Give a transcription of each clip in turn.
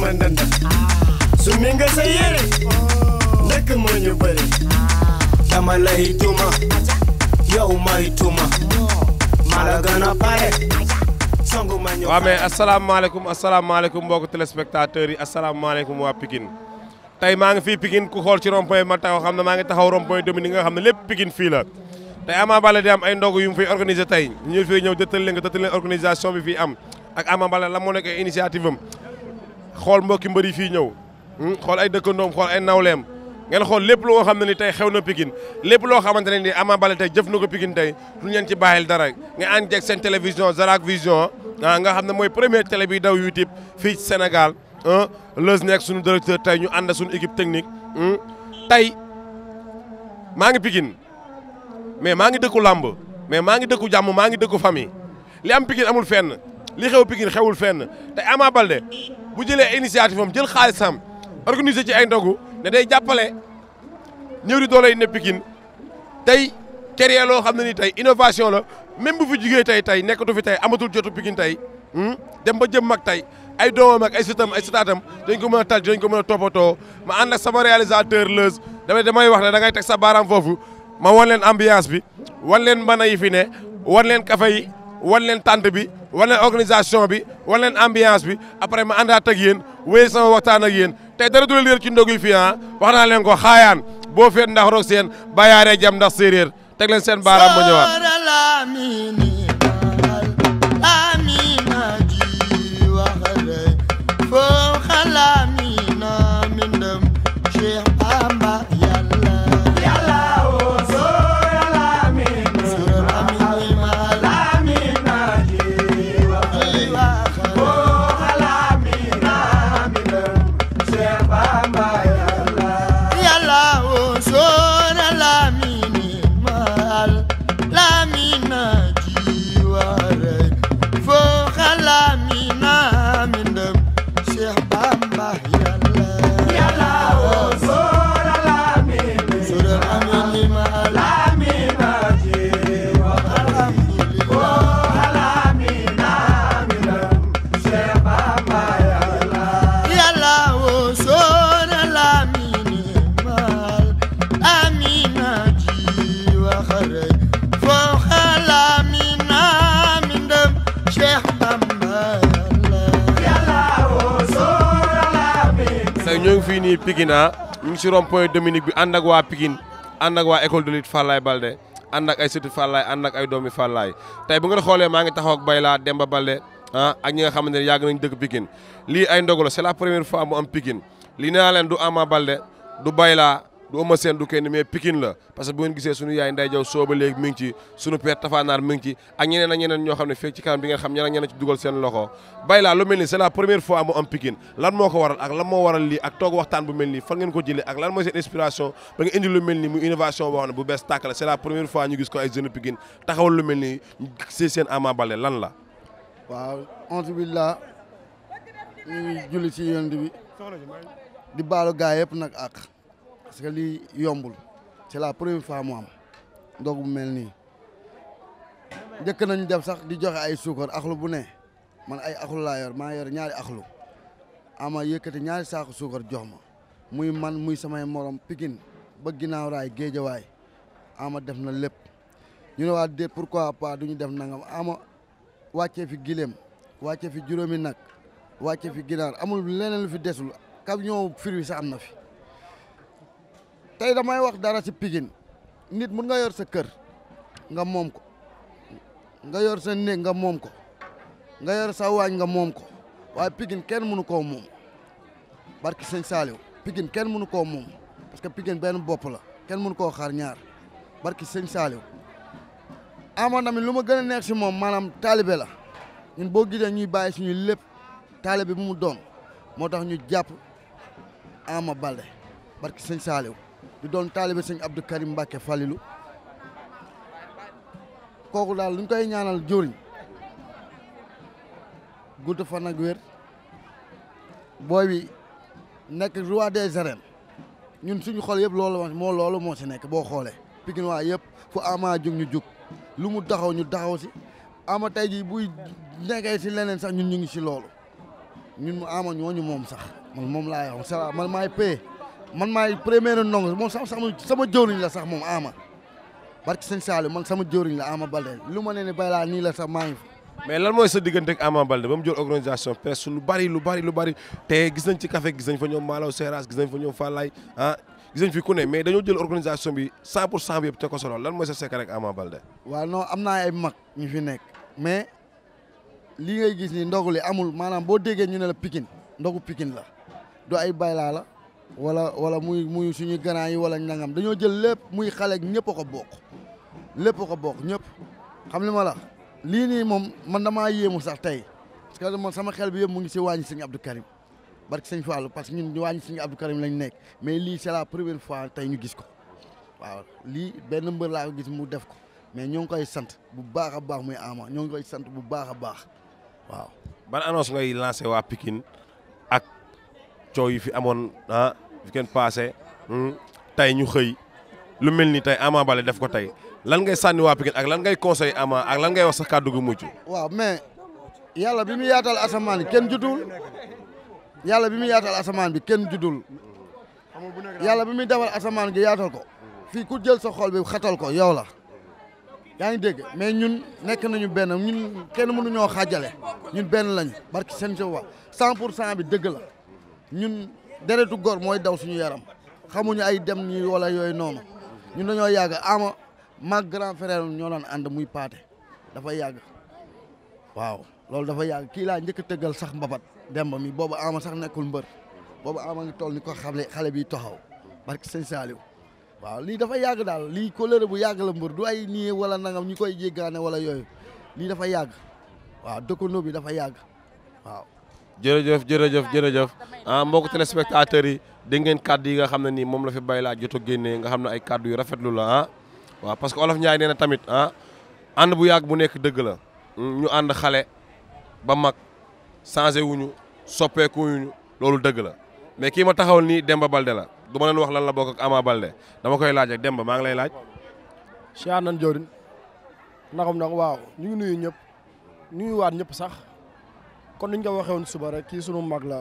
sama ndënd summi nga sa yére nekk ma ñu bëri dama lay duma yow may duma maa la gën a pare songu ma ñu waaw mais asalaamaaleykum asalaamaaleykum mbokku téléspectateurs yi asalaamaaleykum waa Pikine tey maa ngi fii Pikine ku xool ci rond ma taxaw xam ne maa ngi taxaw rond-point Dominique nga xam ne lépp Pikine fii la tey Ama Baldé di am ay ndogu yu mu fiy organisé tey ñu ñëw dëttal leen nga dëttal leen organisation bi fii am ak Ama Baldé la moo nekk initiative am xool mbokki mbër yi fi ñëw hmm? xool ay dëkkandoom xool ay nawleem ngeen xool lépp loo xam ne ni tey xew na Pikine lépp loo xamante ne ni Ama Baldé tey jëf na ko pikin tey duñu leen ci bàyyil dara nga ànd ak seen télévision Zarak Vision ah nga xam ne mooy première télé bi daw YouTube fii ci Sénégal ah Leuz nekk suñu directeur tey ñu ànd suñu équipe technique hmm? tey maa ngi Pikine mais maa ngi dëkku làmb mais maa ngi dëkku jàmm maa ngi dëkku famille li am Pikine amul fenn li xew pikin xewul fen te am Baldé bu jëlee initiative am jël xaalisam organiser ci ay ndogu ne day jàppale ñëw di doole ne Pikine tey créer loo xam ne ni tey innovation la même bu fi jugee tey tey nekkatu fi tey amatul jotu pikin tey hmm? dem ba jëm mag tey ay doomam ak ay sëtam ay sëtaatam dañ ko mën a tal dañ ko mën a toppatoo ma ànd ak sama réalisateur Leuz damay damay wax ne da ngay teg sa baaraam foofu ma wan leen ambiance bi wan leen mbana yi fi ne wan leen kafe wan leen tante bi wan leen organisation bi wan leen bi après ma àndaat ak yéen wéy sama waxtaan ak yéen tey dara du la leer ci yi fii ah wax naa leen ko xaayaan boo feet ndax roog seen bayaaree jam ndax séeréer teg leen seen baaraam ma ñëwaat Pikine ah ñu ngi si rond point Dominique bi ànd ak waa Pikine ànd école de lutte Fallaye Balde ànd ay sëti Fallaye ànd ay doomi Fallaye tey bu ngeen xoolee maa ngi taxaw ak Bayla Demba Balde ah ak ñi nga xamante ne yàgg nañ dëkk Pikine lii ay ndogu la c'est la première fois mu am Pikine lii nee naa leen du Ama Balde du Bayla du ëmma seen du kenn mais Pikine la parce que bu ngeen gisee suñu yaay nday jaw sooba léegi mi ngi tafaanaar mi ci ak ñeneen ak ñeneen ñoo xam ne fekk ci kanam bi nga xam ñeneen ak ñeneen ci dugal seen loxo bay laa lu mel ni c'est la première fois mu am Pikine lan moo ko waral ak lan moo waral lii ak toog waxtaan bu mel nii fan ngeen ko jëlee ak lan seen inspiration ba nga indi lu mel nii mu innovation boo ne bu bees tàkk la c'est la la waaw onze billah ñu ngi julli ci yonent bi di baalu gaa yëpp nag ak parce que li yombul c'est la première fois mo am sak melni mel nañ def sax di joxe ay suukar akhlu bu ne man ay akhlu la yor ma yor ñaari akhlu ama yëkkati ñaari saaku suukar jox ma muy man muy sama morom Pikine ba ginnaaw raay way ama def na lepp ñu ne wa de pourquoi pas duñu def nangam ama wacce fi gilem wacce fi juromi nak wacce fi ginaar amul leneen lu fi desul kam ñoo firwi sa amna fi tey damay wax dara ci Pikine nit mun nga yor sa kër nga moom ko nga yor sa néeg nga moom ko nga yor sa waañ nga moom ko waaye Pikine kenn mënu koo moom barki sëñ Saaliw Pikine kenn mënu ko moom parce que Pikine benn bopp la kenn munu koo xaar ñaar barki sëñ Saaliw ama tamit lu ma gën a neex ci moom maanaam taalibe la ñun boo gisee ñuy bàyyi suñu lépp taalibe bi mu doon moo tax ñu jàpp Ama Baldé barki sëñ Saaliw di doon taalibe sëñ Abdou Karim Mbacke Falilou kooku daal lu koy ñaanal jëriñ gudd fan nag wér booy bi nekk roi de arènes ñun suñu xool yëpp loolu moo loolu moo si nekk boo xoolee Pikine waa yëpp fu ama jug ñu jug lu mu taxaw ñu taxaw si ama tey jii buy nekkee si leneen sax ñun ñu ngi si loolu ñun mu ama ñooñu moom sax man moom laa yow man maay paye man maay premier ndongo moom sax sama jëwriñ la sax moom Ama barki sëñ Saliou man sama jëwriñ la Ama Balde lu ma nee ne Bayla nii la sax maa ngi fa. mais lan mooy sa diggante ak Ama Balde ba mu jël organisation presse lu bari lu bari lu bari te gis nañ ci café gis nañ fa ñoom Malaw Seras gis nañ fa ñoom Fallaye ah gis fi ku ne mais dañoo jël organisation bi 100 pour 100 yëpp te ko solo lan mooy sa secret ak Ama Balde. waa noo am naa ay mag ñu fi nekk mais lii ngay gis nii ndogu li amul maanaam boo déggee ñu ne la Pikine ndogu Pikine la du ay Bayla la. wala wala muy muy suñu gànnaay yi wala nangam dañoo jël lépp muy xale ñëpp ko bokk lépp ko bokk ñëpp xam li ma la lii nii moom man damaa yéemu sax tey parce que man sama xel bi yëpp mu ngi si wàññi sëñ Abdou Karim barke sëñ Fallou parce que ñun wàññi sëñ Abdou Karim lañ nekk mais lii c'est la première fois tey ñu gis ko waaw lii benn mbër laa ko gis mu def ko mais ñoo ngi koy sant bu baax a baax muy Ama ñoo ngi koy sant bu baax a baax waaw. ban annonce ngay lancé waa Pikine coow yi fi amoon ah fi kenn paase hmm, tey ñu xëy lu mel ni tey Ama bale def ko tey lan ngay sànni waa Pikine ak lan ngay conseil Ama ak lan ngay wax sax kàddu gu mujj. waaw mais yàlla bi mu yaatal asamaan yi kenn juddul yàlla bi mu yaatal asamaan bi kenn juddul yàlla bi muy defal asamaan gi yaatal ko fii ku jël sa xol bi xatal ko yow la. yaa ngi dégg mais ñun nekk nañu benn ñun kenn mënuñoo xaajale ñun benn lañ barki seen jëw wa cent pour cent bi dëgg la ñun deretu gor mooy daw suñu yaram xamuñu ay dem ñi wala yooyu noonu ñun dañoo yàgg ama mag grand frère ñoo daan ànd muy paate dafa yàgg waaw loolu dafa yàgg kii laa njëkk a sax mbapat demba mi boobu ama sax nekkul mbër boobu ama ngi toll ni ko xale xale bi taxaw barke sëñ Saaliw waaw lii dafa yàgg daal lii kóllëre bu yàgg la mbër du ay nii wala nangam ñu koy jéggaane wala yooyu lii dafa yàgg waaw dëkkandoo bi dafa yàgg waaw jërëjëf jërëjëf jërëjëf ah mbokku spectateur yi dégg ngeen kàddu yi nga xam ni, mom la fi bay la jot a nga xam ay yu lu la ah wa parce que olof Ndiaye nee tamit ah and bu yàgg bu nekk dëgg la hmm, ñu and xalé ba mag changé wuñu soppeeku ñu lolu dëgg la mais ki ma taxawal ni Demba Balde la du ma leen wax lan la bok ak Ama Balde dama koy laaj ak Demba ma ngi lay laaj. cheikh nan jawrin naxam nak waaw ñu ngi nuyu ñëpp waat ñëpp sax. kon niñ ko waxee woon suba rek kii sunu mag la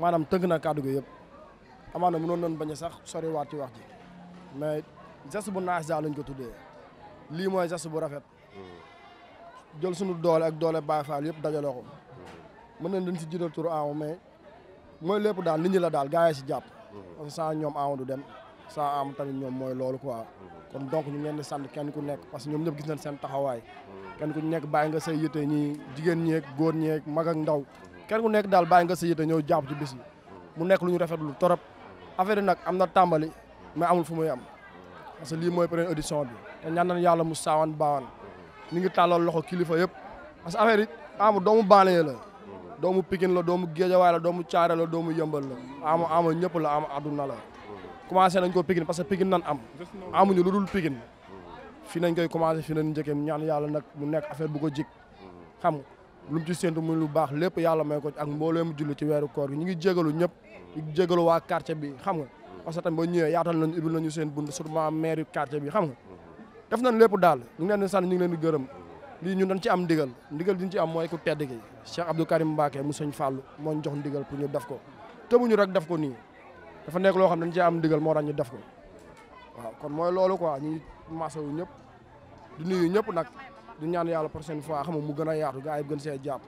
maanaam tënk na kàddu gi yëpp amaana mënoon nañ bañ a sax waat ci wax ji mais geste bu naaj daal lañ ko tuddee lii mooy geste bu rafet jël sunu doole ak doole Baye Fall yëpp dajaloo ko mën nañ dañ si jiital tur aw mais mooy lépp daal nit ñi la daal gars yi si jàpp. kon mm-hmm. ñoom aw du dem. saa am tamit ñoom mooy loolu quoi kon donc ñu ngi leen di sant kenn ku nekk parce que ñoom ñëpp gis nañ seen taxawaay kenn ku nekk bàyyi nga say yite ñi jigéen ñeeg góor ñeeg mag ak kenn ku nekk daal bàyyi nga sa yite ñëw jàpp ci bis yi mu nekk lu ñu lu torop affaire nag am na tàmbali mais amul fu muy am parce que lii mooy première édition bi te ñaan nañ yàlla mu saawan baawan ñu ngi tàllal loxo kilifa yëpp parce que affaire yi doo doomu banlieue la doomu Pikine la doomu Géejawaay la doomu Caare la doomu Yëmbal la ama ama ñëpp la ama àdduna la commencé nañ ko pigine parce que pigine nan am amuñu loolul pigine fi nañ koy commencé fi nañ jëkëm ñaan yalla nak mu nekk affaire bu ko jik xam lu ci sentu muy lu baax lepp yalla may ko ak mbooloo mu julli ci weeru koor ñi ngi jéggalu ñëpp ñu ngi jégalu quartier bi xam nga parce que tam bo ñëw yaatal nañ ibul nañu seen bund surtout maire quartier bi xam nga def nañ lepp dal ñu leen di sant ñu leen di gëreem li ñu dañ ci am digal digal diñ ci am moy ku tedd gi Cheikh Abdou Karim mbake mu señ fallu mo ñu jox digal pour ñu def ko ñu rek def ko ni dafa nekk loo xam ne dañ cee am ndigal moo tax ñu def ko waaw kon mooy loolu quoi ñuy masawu ñëpp di nuyu ñëpp nag di ñaan yàlla prochaine fois xam mu gën a yaatu gars yi gën see jàpp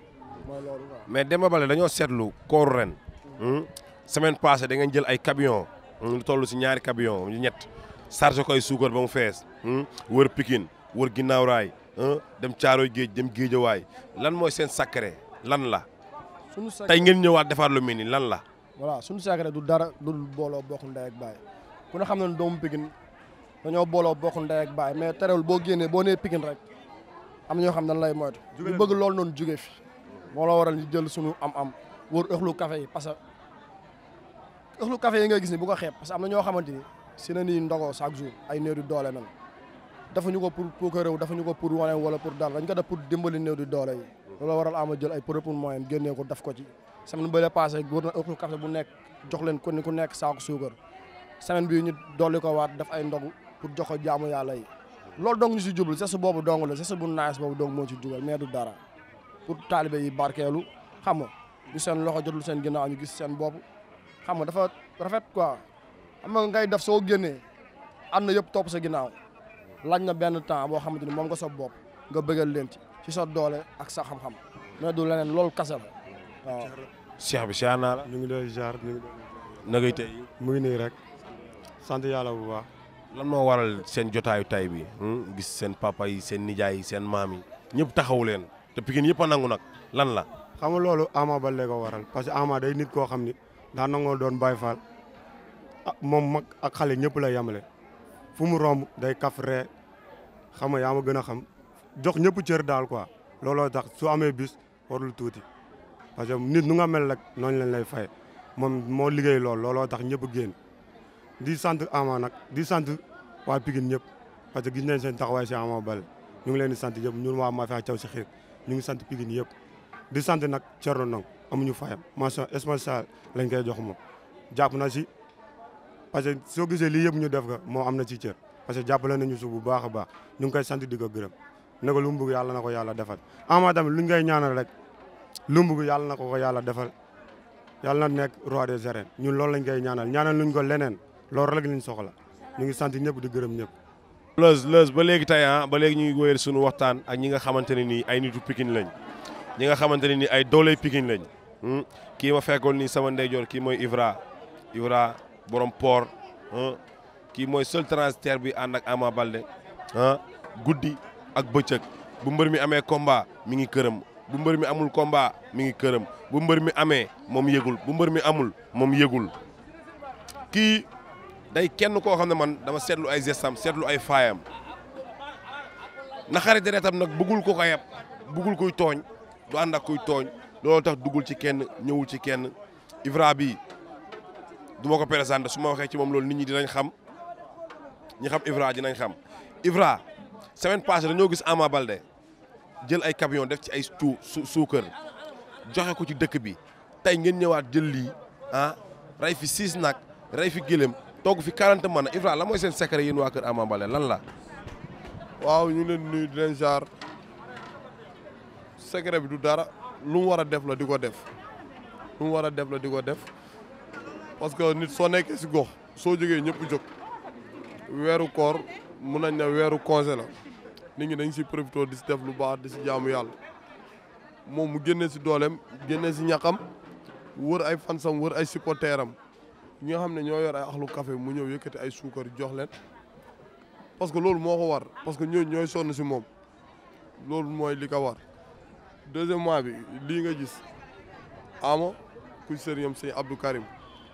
mooy loolu quoi. mais Demba Baldé dañoo seetlu ko ren. Hmm? semaine passée da ngeen jël ay camion hmm, lu toll si ñaari camion ñu ñett chargé ko ay suukar ba mu fees hmm, wër Pikine wër ginnaaw raay dem Caaroy géej dem géejawaay lan mooy seen secret lan la. suñu secret tey ngeen ñëwaat defaat lu mel ni lan la. voilà suñu secret du dara du booloo bokk ndey ak baay ku ne xam ne doomu Pikine dañoo booloo bokk ndey ak baay mais terewul boo génnee boo nee Pikine rek am ñoo xam dañ lay moytu. ñu bëgg loolu noonu jóge fi. moo la waral ñu jël suñu am-am wër ëxlu café yi parce que ëxlu yi nga gis bu ko xeeb parce que am na ñoo xamante ni si na nii ndogoo chaque jour ay néew di doole nan dafa ñu ko pour pour ko dafa ñu ko pour wane wala pour dara dañ ko def pour dimbali néew di doole yi. loolu waral ama jël ay propres moyens génnee ko daf ko ci. semaine bële passé wër na ëpp café bu nekk jox leen ko ni ku nekk saako suukar semaine bii ñu dolli ko waat def ay ndogu pour jox ko jaamu yàlla yi loolu dong si jublu c'est boobu dong la c'est bu naaj boobu dong moo ci jubal mais dara pour taalibe yi barkeelu xam nga ñu seen loxo jotul seen ginnaaw ñu gis seen bopp xam nga dafa rafet quoi am ngay def soo génnee am na yëpp topp sa ginnaaw laaj na benn temps boo xamante ni moom nga sa bopp nga bëggal leen ci ci sa doole ak sa xam-xam mais du leneen loolu kase cheikh bi siyaar naa la. ñu ngi doon jaar ñu tey. mu ngi nii rek. sant yàlla bu baax. lan moo waral seen jotaayu tay bi hmm? gis seen papa yi seen nijaay yi seen maam yi ñëpp taxawu leen te Pikine yëpp nangu nag lan la. xam loolu Ama Baldé ko waral parce que Ama day nit koo xam ni daa nangoo doon Baye Fall ah, moom mag ak xale ñëpp la yemale fu mu romb day kaf ree xam nga yaa gën a xam jox ñëpp cër daal quoi looloo tax su amee bis warul tuuti. parce que nit nu rek noonu la lay fay moom moo liggéey lool looloo tax ñëpp génn di sant Ama nag di sant waa Pikine ñëpp parce que gis nañ seen taxawaay si Ama Baldé ñu ngi leen di sant yëpp ñun waa Mafia Thiaw si xiir ñu ngi sant Pikine yëpp di sant nag Thierno Ndong amuñu fayam mention spéciale lañ koy jox moom jàpp na si parce que soo gisee lii yëpp ñu def ko moo am na ci cër parce que jàppale nañu su bu baax a baax ñu ngi koy sant di ko gërëm naka lu mu bëgg yàlla na ko yàlla defal lu mu yàlla na ko ko yàlla defal yàlla na nekk roi des arènes ñun loolu lañ koy ñaanal ñaanal luñ ko leneen loolu rek lañ soxla ñu ngi sant ñëpp di gërëm ñëpp. Leuz Leuz ba léegi tey ah ba léegi ñu ngi wéyal suñu waxtaan ak ñi nga xamante ne nii ay nitu Pikine lañ ñi nga xamante ne nii ay dooley Pikine lañ hmm? kii ma fekkoon nii sama ndeyjoor kii mooy Ivra Ivra borom port hmm? kii mooy seul transitaire bi ànd ak Ama Balde hmm? guddi ak bëccëg bu mbër mi amee combat mi ngi këram. bu mbër mi amul combat mi ngi këram bu mbër mi amee moom yëgul bu mbër mi amul moom yëgul kii day kenn koo xam ne man dama seetlu ay gestam seetlu ay faayam naxari deretam nag bëggul ko ko yab bëggul kuy tooñ du ànd ak kuy tooñ loolu tax duggul ci kenn ñëwul ci kenn Ibra bi du ma ko présenté su ma waxee ci moom loolu nit ñi dinañ xam ñi xam Ibra dinañ xam Ibra semaine passée dañoo gis Ama Balde jël ay camion def ci ay su suukar joxe ko ci dëkk bi tey ngeen ñëwaat jël lii ah rey fi six nag rey fi gëlëm togg fi 40 man Ibra la mooy seen secret yéen waa kër Ama Baldé lan la. waaw ñu ngi leen nuyu di bi du dara lu war a def la di ko def lu war a def di ko def parce que nit soo nekkee si gox soo jógee ñëpp jóg weeru koor mun nañ ne weeru congé la. nit ñi dañ si profité di si def lu baax di si jaamu yàlla moom mu génne si dooleem génne si ñaqam wër ay fansam wër ay supporteram ñi nga xam ne ñoo yor ay axlu café mu ñëw yëkkati ay suukar jox parce que loolu moo ko war parce que ñooñu ñooy sonn si moom loolu mooy li ko war deuxièmement bi lii nga gis ama ku sëriñam sëñ Abdou Karim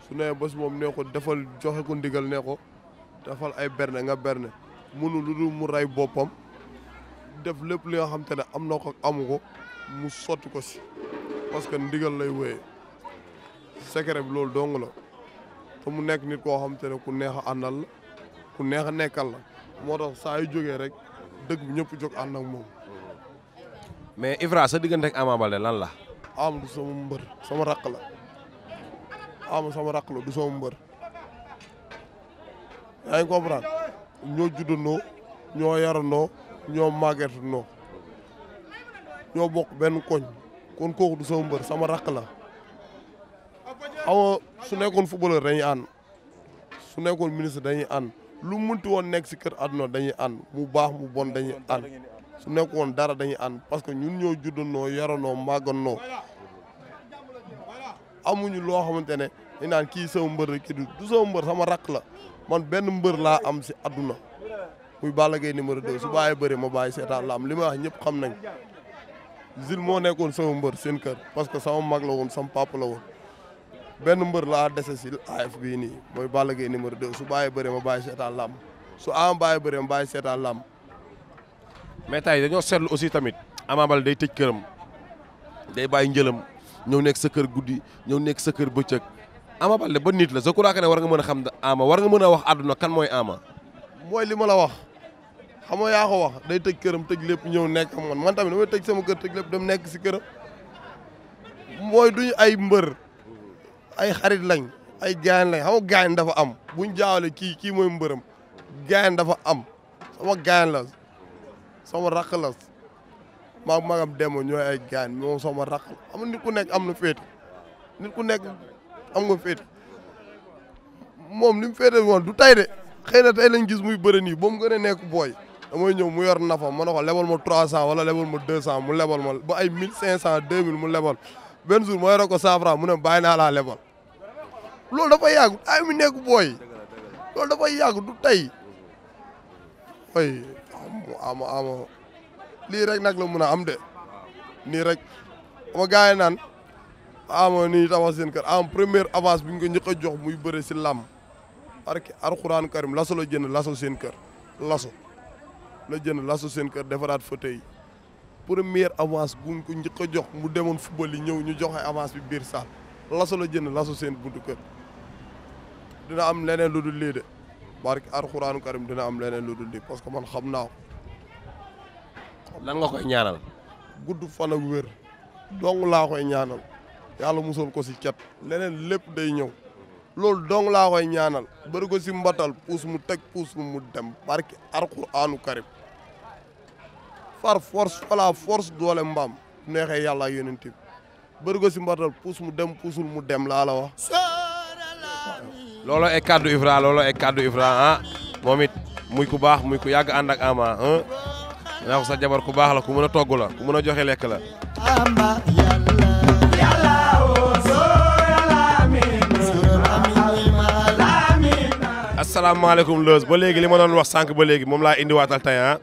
su nee bés moom nee ko defal joxe ko ndigal ne ko defal ay berne nga berne mënu lu dul mu ray boppam def lépp li nga xam ne am na ko amu ko mu sotti ko si parce que ndigal lay wéyee secret bi loolu dong la te mu nekk nit koo xam te ku neex a la ku neex a nekkal la moo tax saa yu jógee rek dëgg bi ñëpp jóg ànd ak moom. mais Ibra sa diggante ak Ama Baldé lan la. Ama du sama mbër sama rakk la Ama sama rakk la du sama mbër yaa ngi comprendre ñoo juddandoo ñoo yarandoo. ñoo màgget noo ñoo bokk benn koñ kon kooku du sama mbër sama rakk la awa su nekkoon footballeur dañuy ànd su nekkoon ministre dañuy ànd lu munti woon nekk si kër àdduna dañuy ànd mu baax mu bon dañuy ànd su nekkoon dara dañuy ànd parce que ñun ñoo juddandoo yaranoo noo amuñu loo xamante ne dañ naan kii sama mbër kii du sama mbër sama rakk la man benn mbër laa am si àdduna muy Balla Gaye numéro 2 su bàyyi bëri ma bàyyi seetaan lam li ma wax ñëpp xam nañ zil moo nekkoon sama mbër seen kër parce que sama mag la woon sam papa la woon benn mbër laa dese si AF bii nii mooy Balla Gaye numéro 2 su bàyyi bëri ma bàyyi seetaan laam su am bàyyi bëri ma bàyyi seetaan laam mais tey dañoo seetlu aussi tamit Ama Baldé day tëj këram day bàyyi njëlam ñëw nekk sa kër guddi ñëw nekk sa kër bëccëg Ama Baldé ba nit la je crois que ne war nga mën a xam Ama war nga mën a wax àdduna kan mooy Ama mooy li ma la wax xam nga yaa wax day tëj këram tëj lépp ñëw nekk man man tamit damay tëj sama kër tëj lépp dem nekk si këram mooy duñu ay mbër ay xarit lañ ay gaañ lañ xam nga gaañ dafa am buñ jaawale kii kii mooy mbëram gaañ dafa am sama gaañ la sama rakk la maa magam demo ñooy ay gaañ moom sama rakk ku nekk am na féete nit ku nekk am nga féete moom ni mu féete du tay de xëy na tey lañ gis muy bëre nii ba mu gën a nekk booy damay ñëw mu yor nafa ma ne ko lebal ma 300 wala lebal ma 200 mu lebal ma ba ay 1500 2000 mu lebal benn jour ma yore ko 100 francs mu ne bàyyi naa laa lebal loolu dafa yàgg ay mu nekk booy loolu dafa yàgg du tey ay ama ama lii rek nag la mun a am de nii rek ama gars yi naan ama nii première avance bi ñu ko njëkk a jox muy bëre si làmm arki alxuraan karim laso la jënd laso seen kër laso la jënd lasu seen kër defaraat fauteuil yi première avance buñ njëkk a jox mu demoon football yi ñëw ñu joxe avance bi biir saal lasu la jën lasu seen buntu kër dina am leneen lu dul lii de barki alxuraanu karim dina am leneen lu dul lii parce que man xam naa ko lan nga koy ñaanal gudd fan ak wér dong laa koy ñaanal yàlla musal ko si cat leneen lépp day ñëw loolu dong laa koy ñaanal bëri ko si mbatal puus mu teg puus mu mu dem barki alxuraanu karim far force wala force doole mbaam neexee yàlla ak yonent bi bërgo si mbartal mu dem puusul mu dem la la wax lolo e cadeau Ibra lolo e cadeau Ibra ah momit, muy ku bax muy ku yag and ak Ama ah naa ko sa jabar ku bax la ku meuna togu la ku meuna joxe lek la Assalamualaikum oh, leus ba legui li ma wax sank ba mom la indi watal tay ah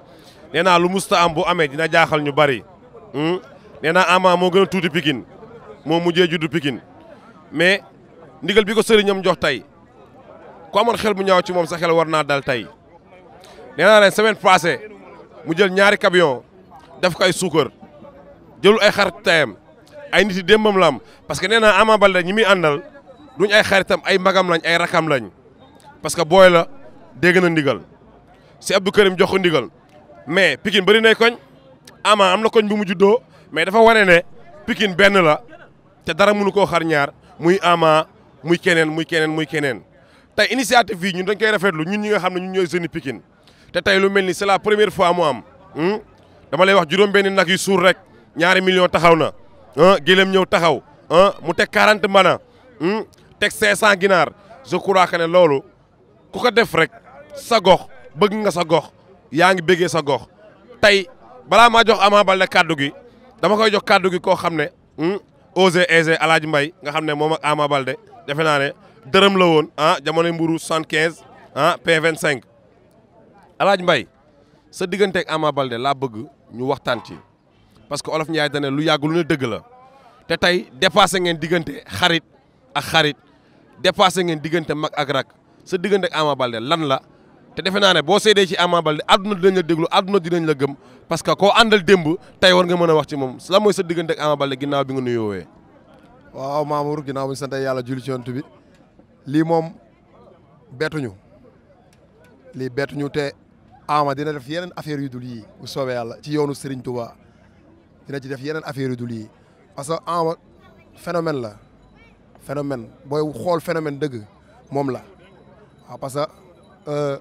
nee lu musta am bu amee dina jaaxal ñu bari hmm? nee naa Ama moo gën a tuuti Pikine moo mujjee juddu Pikine mais ndigal bi ko sëriñam jox tey ku amoon xel bu ñaaw ci moom sa xel war naa dal tey nee naa leen semaine passée mu jël ñaari camion def ko ay suukar jëlul ay xarit tayam ay nit yi démbam la parce que nee naa Ama Baldé ñi muy àndal duñ ay xaritam ay magam lañ ay rakam lañ parce que booy la dégg a ndigal si Abdou Karim jox ko ndigal mais Pikine bëri nay koñ Ama am na koñ bu mu juddoo mais dafa wane ne Pikine benn la te dara mënu koo xar ñaar muy Ama muy keneen muy keneen muy keneen tey initiative yi ñun dañ koy rafetlu ñun ñi nga xam ne ñun ñooy jeune Pikine te tey lu mel ni c'est la première fois mu am hmm? dama lay wax juróom-benn nag yi suur rek ñaari million taxaw na ah ñëw taxaw ah mu teg 40 mbana hmm? teg 500 ginaar je crois que ne loolu ku ko def rek sa gox bëgg nga sa gox. yaa ngi bëggee sa gox tey balaa maa jox Ama Baldé kaddu gi dama koy jox kaddu gi koo xam ne Ose hmm, Eze Alaaji Mbay nga xam ne moo ak Ama Baldé defe naa ne dërëm la woon ah jamono mburu quinze ah p cinq Alaaji Mbay sa diggante Ama Baldé laa bëgg ñu waxtaan ci parce que olof Ndiaye dane lu yàgg lu ne dëgg la te tey dépassé ngeen diggante xarit ak xarit dépassé ngeen diggante mag ak sa diggante ak Ama lan la te defe naa ne boo seedee ci Ama Baldé àdduna dinañ la déglu àdduna dinañ la gëm parce que ko àndal démb tey war nga mën a wax ci moom la mooy sa diggante ak Ama Baldé ginnaaw bi nga nuyoowee. waaw Mamour ginnaaw bi ñu sant yàlla julli ci yonent bi lii moom bettuñu lii bettuñu te Ama dina def yeneen affaire yu dul yii bu soobee yàlla ci yoonu Serigne Touba dina ci def yeneen affaire yu parce que Ama phénomène la phénomène booy xool phénomène dëgg moom la waaw parce que. Euh,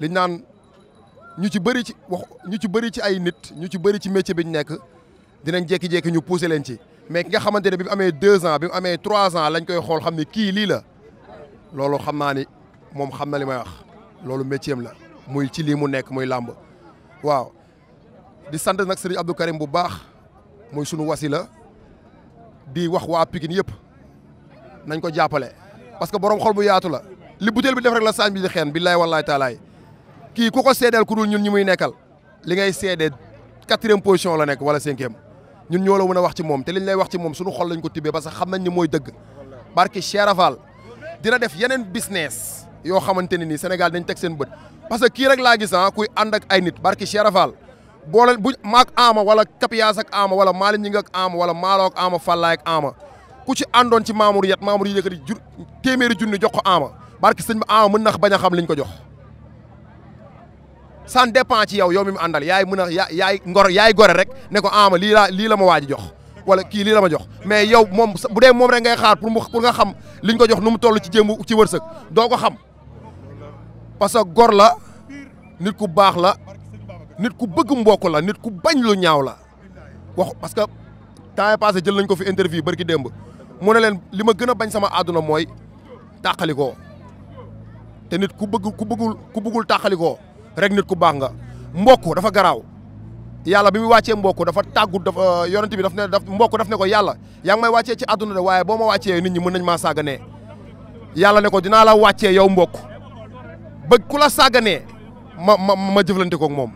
liñ naan ñu ci bëri ci ñu ci bëri ci ay nit ñu ci bëri ci métier bi ñu nekk dinañ jékki ñu pousser leen ci. mais ki nga xamante ne bi amee deux ans bi mu amee trois ans lañ koy xool xam ni kii lii la loolu xam naa ni moom xam na li may wax loolu métier la muy ci lii mu nekk muy làmb waaw di sant nag Serigne Abdou Karim bu baax muy sunu la di wax waa Pikine yëpp nañ ko jàppale parce que borom xol bu yaatu la li butéel bi def rek la saañ bi di xeen billaay wallaay taalaay kii ko ko seedeel ku dul ñun ñi muy nekkal li ngay seedee quatrième position la nekk wala cinquième ñun ñoo la mën a wax ci moom te liñ lay wax ci moom suñu xol lañ ko tibbee parce que xam nañ ni mooy dëgg barki Cheerafal dina def yeneen business yoo xamante ne nii Sénégal dañ teg seen bët parce que kii rek laa gis ah kuy ànd ak ay nit barki Cheerafal boo leen bu maak Ama wala Kapiyaas ak Ama wala Malick Ngingue ak Ama wala Maalo ak Ama Fallaay ku ci àndoon ci Mamour yet Mamour yi yëkkati jur téeméeri jox ko Ama barki sëñ bi Ama mën bañ a xam liñ ko jox. ça dépend ci yow yow mi mu àndal yaay mën a yaa yaay ngor yaay gore rek ne ko ama ah, lii laa lii la ma waaj jox wala kii lii la ma jox mais yow moom bu dee moom rek ngay xaar pour mu pour nga xam liñ ko jox nu mu toll ci jéem ci wërsëg doo ko xam parce que gor la nit ku baax la nit ku bëgg mbok la nit ku bañ lu ñaaw la wax parce que temps yii passé jël nañ ko fi interview barki démb mu ne leen li ma gën a bañ sama àdduna mooy ko te nit ku bëgg ku bëggul ku bëggul tàqalikoo rek nit ku baax nga mbokk dafa garaaw yàlla bi mu wàccee mbokk dafa tàggu dafa yonent bi daf ne daf mbokk daf ne ko yàlla yaa ngi wàccee ci àdduna waaye boo ma wàccee nit ñi mën nañ maa sàgganee yàlla ne ko dinaa la wàccee yow mbokk ba ku la sàgganee ma ma ma jëflante moom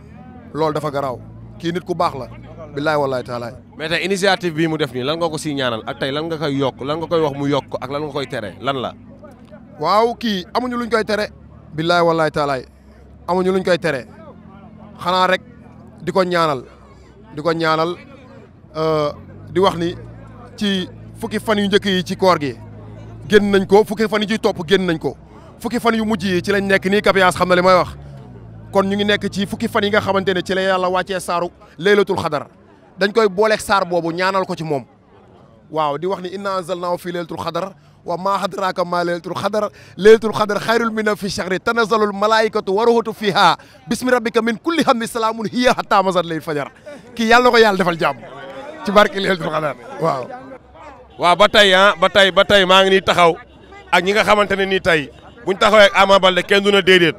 loolu dafa garaaw kii nit ku baax la billaay wallaay taalaay mais tey initiative bi mu def nii lan nga ko siy ñaanal ak tey lan nga yokk lan nga koy wax mu yokk ak lan nga koy tere lan la waaw kii amuñu luñ koy tere billaay wallaay taalaay amuñu luñ koy tere xanaa rek di ko ñaanal di ko ñaanal euh, di wax ni ci fukki fan yu njëkk yi ci koor gi génn nañ ko fukki fan yu topp génn nañ ko fukki fan yu mujj yi ci lañ nekk nii Kapyaas xam na li may wax kon ñu ngi nekk ci fukki fan yi nga xamante ne ci la yàlla wàccee saaru laylatul xadar dañ koy booleeg saar boobu ñaanal ko ci moom waaw di wax ni inna anzalnaahu fii laylatul xadar وما أدراك ما ليلة القدر ليلة القدر خير من في شهر تنزل الملائكة وروحه فيها بسم ربك من كل هم سلام هي حتى مزل الفجر كي يالا كو يالا ديفال جام ci barke Leylatul Qadar waaw. waaw ba tey ah ba tey ba tey maa ngi nii taxaw ak ñi nga xamante ne nii tey buñ taxawee ak Ama Baldé kenn du na déedéet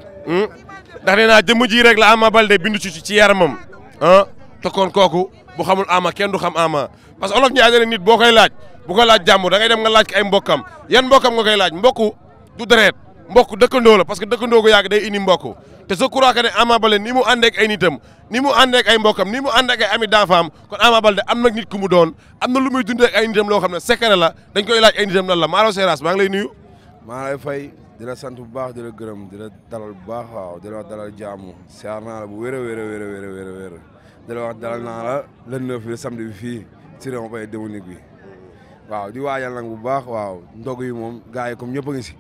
ndax nee naa jëmm ji rek la Ama Baldé bindu ci ci yaramam ah te kon kooku bu xamul Ama kenn du xam Ama parce que olof ñi ne nit boo koy laaj. bu ko laaj jàmm da ngay nga laaj ko ay mbokkam yan mbokkam nga koy laaj mbokku du deret mbokk dëkkandoo la parce que dëkkandoo gu yàgg day indi mbokk te je crois que ne Ama mu àndeek ay nitam ni mu àndeek ay mbokkam ni mu àndeek ay ami d'enfance kon Ama Baldé am nag nit ku doon am na lu muy dundee ay nitam loo xam ne secret la dañ koy laaj ay nitam lan la Malo Seras maa ngi lay nuyu. maa lay fay di sant bu baax di la gërëm di la dalal bu baax waaw di la wax dalal jaamu siyaar naa la bu wér a wér a wér a wér a wér waaw di waajal nag bu baax waaw ndog yi moom gars yi comme ñëpp a ngi si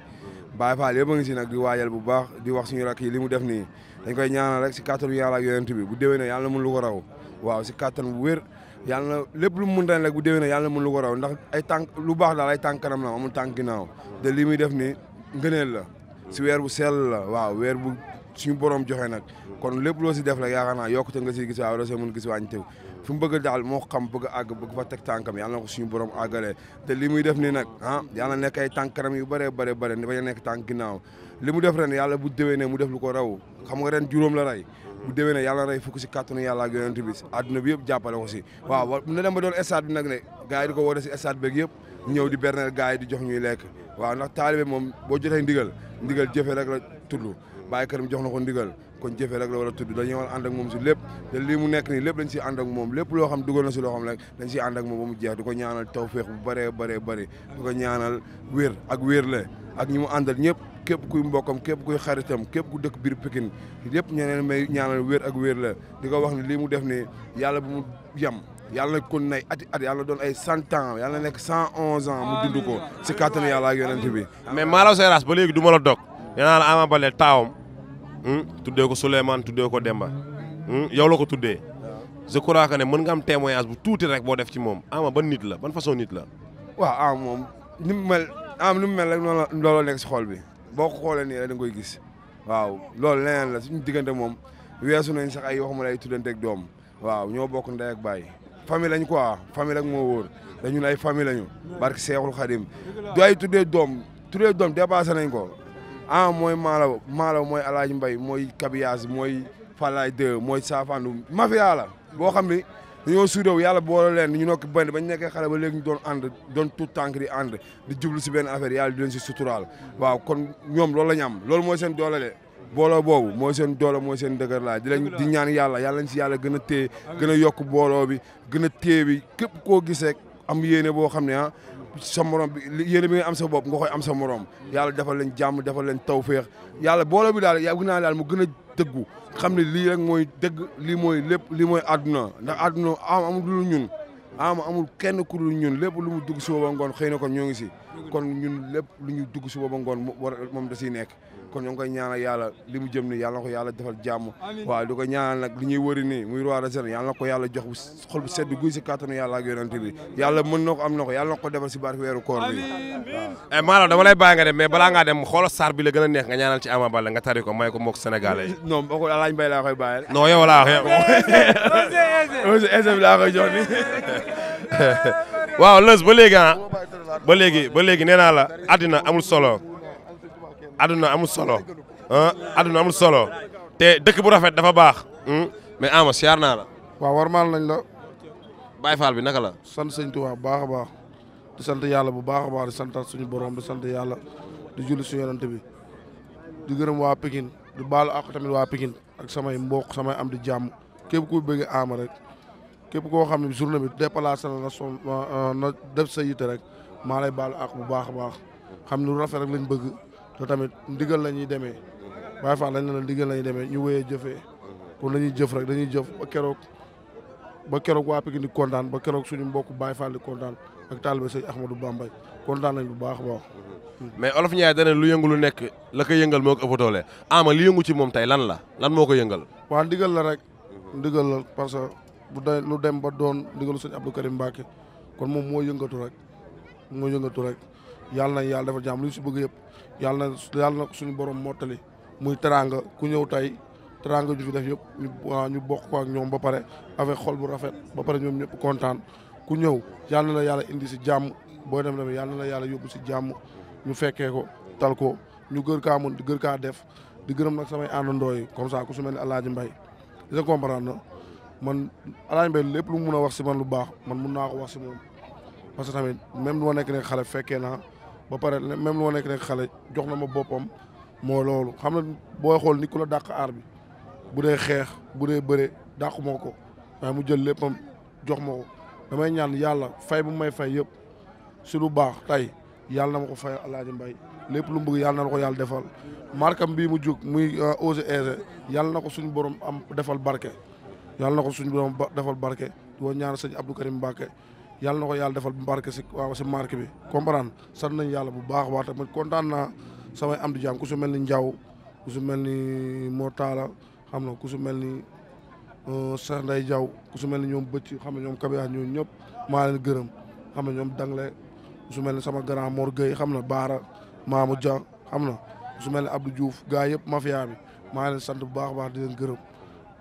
Baye Fall yëpp ngi si nag di waajal bu baax di wax suñu rakk yi li mu def nii dañ koy ñaanal rek si kàttanu yàlla ak yonent bi bu déwénee yàlla mën lu ko waaw si kàttan bu wér yàlla na lépp lu mu mën ren rek bu déwénee yàlla mën lu ko raw ndax ay lu baax daal ay tànk kanam la amul tànk ginnaaw te li muy def nii ngëneel la si weer bu sell la waaw weer bu suñu borom joxe nag kon lépp loo si def rek yaakaar naa yokkute nga siy gis waaw doo see mën gis wàññi tew fi mu bëgg daal moo xam bëgg a àgg bëgg fa teg tànkam yàlla na ko suñu borom àggalee te li muy def ni nag ah yàlla nekk ay tànk yu bëree bëri bëri bañ a nekk tànk ginnaaw li mu def ren yàlla bu déwénee mu def lu ko raw xam nga ren juróom la rey bu déwénee yàlla rey fukk si kàttanu yàlla ak yonent bi àdduna bi yëpp jàppale ko si waaw na dem ba doon stade bi nag ne gars yi di ko woote si stade beeg yëpp ñëw di berneel gars yi di jox ñuy lekk waaw ndax taalibe moom boo jotee ndigal ndigal jëfe rek la tudd bàyyi këram jox na ko ndigal kon jëfé rek la war tuddu dañu dañuy and ak mom ci lepp te li mu nekk ni lepp lañ ci and ak mom lepp lo xam dugal na ci lo xam rek dañ ci and ak mom bu mu jeex di ñaanal tawfiq bu bare bare bare di ñaanal wër ak wër la ak ñimu andal ñepp képp kuy mbokam képp kuy xaritam képp ku dëkk bir pekin lépp ñeneen may ñaanal wër ak wër la di ko wax ni li mu def ni yalla bu mu yam yalla ko nay ati ati yalla don ay 100 ans yalla nek 111 ans mu dund ko ci kàttanu yalla ak yonent bi mais maalaw seeraas ba légui duma la dog nee Ama balé tawam Hmm? tuddee ko Souleymane tuddee ko Demba hmm? yow la ko tuddee je crois que ne mën nga am témoignage bu tuuti rek boo def ci moom ama ban nit la ban façon nit la waaw am moom nu mu mel am ni mu mel rek noonu looloo nekk si xool bi boo ko xoolee nii rek da nga koy gis waaw loolu leneen la suñu diggante moom weesu nañ sax ay waxuma lay tuddanteeg doom waaw ñoo bokk ndey ak baay famille lañ ko famille rek moo wóor dañu ay famille lañu barke Seexul Xadim du ay tuddee doom tuddee doom dépassé nañ ko ah mooy maalaw maalaw mooy alaaji mbay mooy kabiyaas mooy falaay de mooy saafandu mafia la boo xam ni dañoo suudew yàlla boole leen ñu nokk benn bañ nekkee xale ba léegi ñu doon ànd doon tout tànk di ànd di jublu si benn affaire yàlla di leen si suturaal waaw kon ñoom loolu la ñu am loolu mooy seen doole booloo boobu mooy seen doole mooy seen dëgër laa di leen di ñaan yàlla yàlla si yàlla gën a téye gën a yokk booloo bi gën a téye bi képp koo gisee am yéene boo xam ne ah sa morom bi yéene bi nga am sa bopp nga am sa moroom yàlla defal leen jàmm defal leen tawféex yàlla booloo bi daal yàgg naa daal mu gën a dëggu xam ne lii rek mooy dëgg lii mooy lépp li mooy àdduna ndax àdduna am amul lu ñun am amu kenn ku dul ñun lépp lu mu dugg si ba ngoon xëy na kon ñoo ngi si kon ñun lépp lu ñu dugg si ba ngoon war moom da siy nekk kon ñoo ngi koy ñaanal yàlla li mu jëm nii yàlla na ko yàlla defal jàmm waaw di ko ñaanal nag li ñuy wëri nii muy roi de yàlla na ko yàlla jox bu xol bu sedd guy si kàttanu yàlla ak yonent bi yàlla mën ko am na ko yàlla na ko defal si barke weeru koor bi waaw eh, maanaam dama lay bàyyi nga dem mais balaa ngaa dem xoolal saar bi la gën a neex nga ñaanal ci Ama Baldé nga tari ko may ko mbokk sénégalais yi non boo ko ni waaw lës ba léegi ah ba léegi ba léegi nee naa la àddina amul solo aduna amul solo ah aduna amul solo te dëkk bu rafet dafa baax. Hmm? mais Ama siyaar naa la. waaw warmaal nañ la. Baye Fall bi naka la. sant sëñ waa bu baax baax di sant yàlla bu baax a baax di santaat suñu borom di sant yàlla di julli suñu bi di gërëm waa Pikine di baalu àq tamit waa pikin ak samay mbok samay am di jàmm képp ko bëgg Ama rek képp koo xam ne journée bi déplacé na na son na def sa yitte rek maa lay baalu àq bu baax a baax xam ne rafet rek lañ bëgg. te tamit ndigal la ñuy demee Baay Faal dañ na ndigal la ñuy demee ñu wéyee jëfee kon dañuy jëf rek dañuy jëf ba keroog ba keroog waa Pikine di kontaan ba keroog suñu mbokk Baay Faal di kontaan ak taalibe sëñ Ahmadou Bamba kontaan nañ bu baax a baax. mais Olof Ndiaye dana lu yëngu lu nekk la ko yëngal moo ko ëpp doole ama li yëngu ci moom tey lan la lan moo ko yëngal. waa ndigal la rek. ndigal la parce que bu dee lu dem ba doon ndigalu sëñ Abdou Karim Mbacke kon moom moo yëngatu rek moo yëngatu rek yàlla nañ yàlla dafa jàmm lu ñu si bëgg yëpp yàlla na yàlla na suñu borom li muy teraanga ku ñëw tey teraanga ju fi def yëpp ñu bokk ko ak ñoom ba pare avec xol bu rafet ba pare ñoom ñëpp kontaan ku ñëw yàlla na la yàlla indi si jàmm boo dem tamit yàlla na la yàlla yóbbu si jàmm ñu fekkee ko tal ko ñu gër kaa mun di gër kaa def di gërëm nag samay àndandoo yi comme ça ku su mel ne El Hadj Mbaye dina comprendre na lépp lu mun a wax si man lu baax man mun naa ko wax si moom parce que tamit même lu ne xale fekkee naa ba pare même lu ma nekk nekk xale jox na ma boppam moo loolu xam na booy xool ni ku la dàq aar bi bu dee xeex bu dee bëre dàqu ma ko waaye mu jël léppam jox ma ko damay ñaan yàlla fay bu may fay yëpp si lu baax tey yàlla na ma ko fay Alaaji Mbay lépp lu mu yàlla na ma ko yàlla defal markam bii mu jóg muy osé euh, aisé yàlla na ko suñu borom am defal barke yàlla na ko suñu borom defal barke di ko ñaan sëñ Abdou Karim Mbacke yàlla na ko yàlla defal barke si waaw si marque bi comprendre sant nañ yàlla bu baax baax tamit kontaan naa samay am di jaam ku su mel ni Ndiaw ku su mel ni Mortala xam na ku su mel ni euh, Cheikh Ndeye Diaw ku su mel ni ñoom bëcc xam na ñoom Kabia ñoom ñëpp maa gërëm xam na ñoom Dangle ku su mel ni sama grand Mor Gueye xam na Baara Mamou Dia xam na ku mel ni Abdou Diouf yëpp mafia maa leen sant bu baax baax di leen gërëm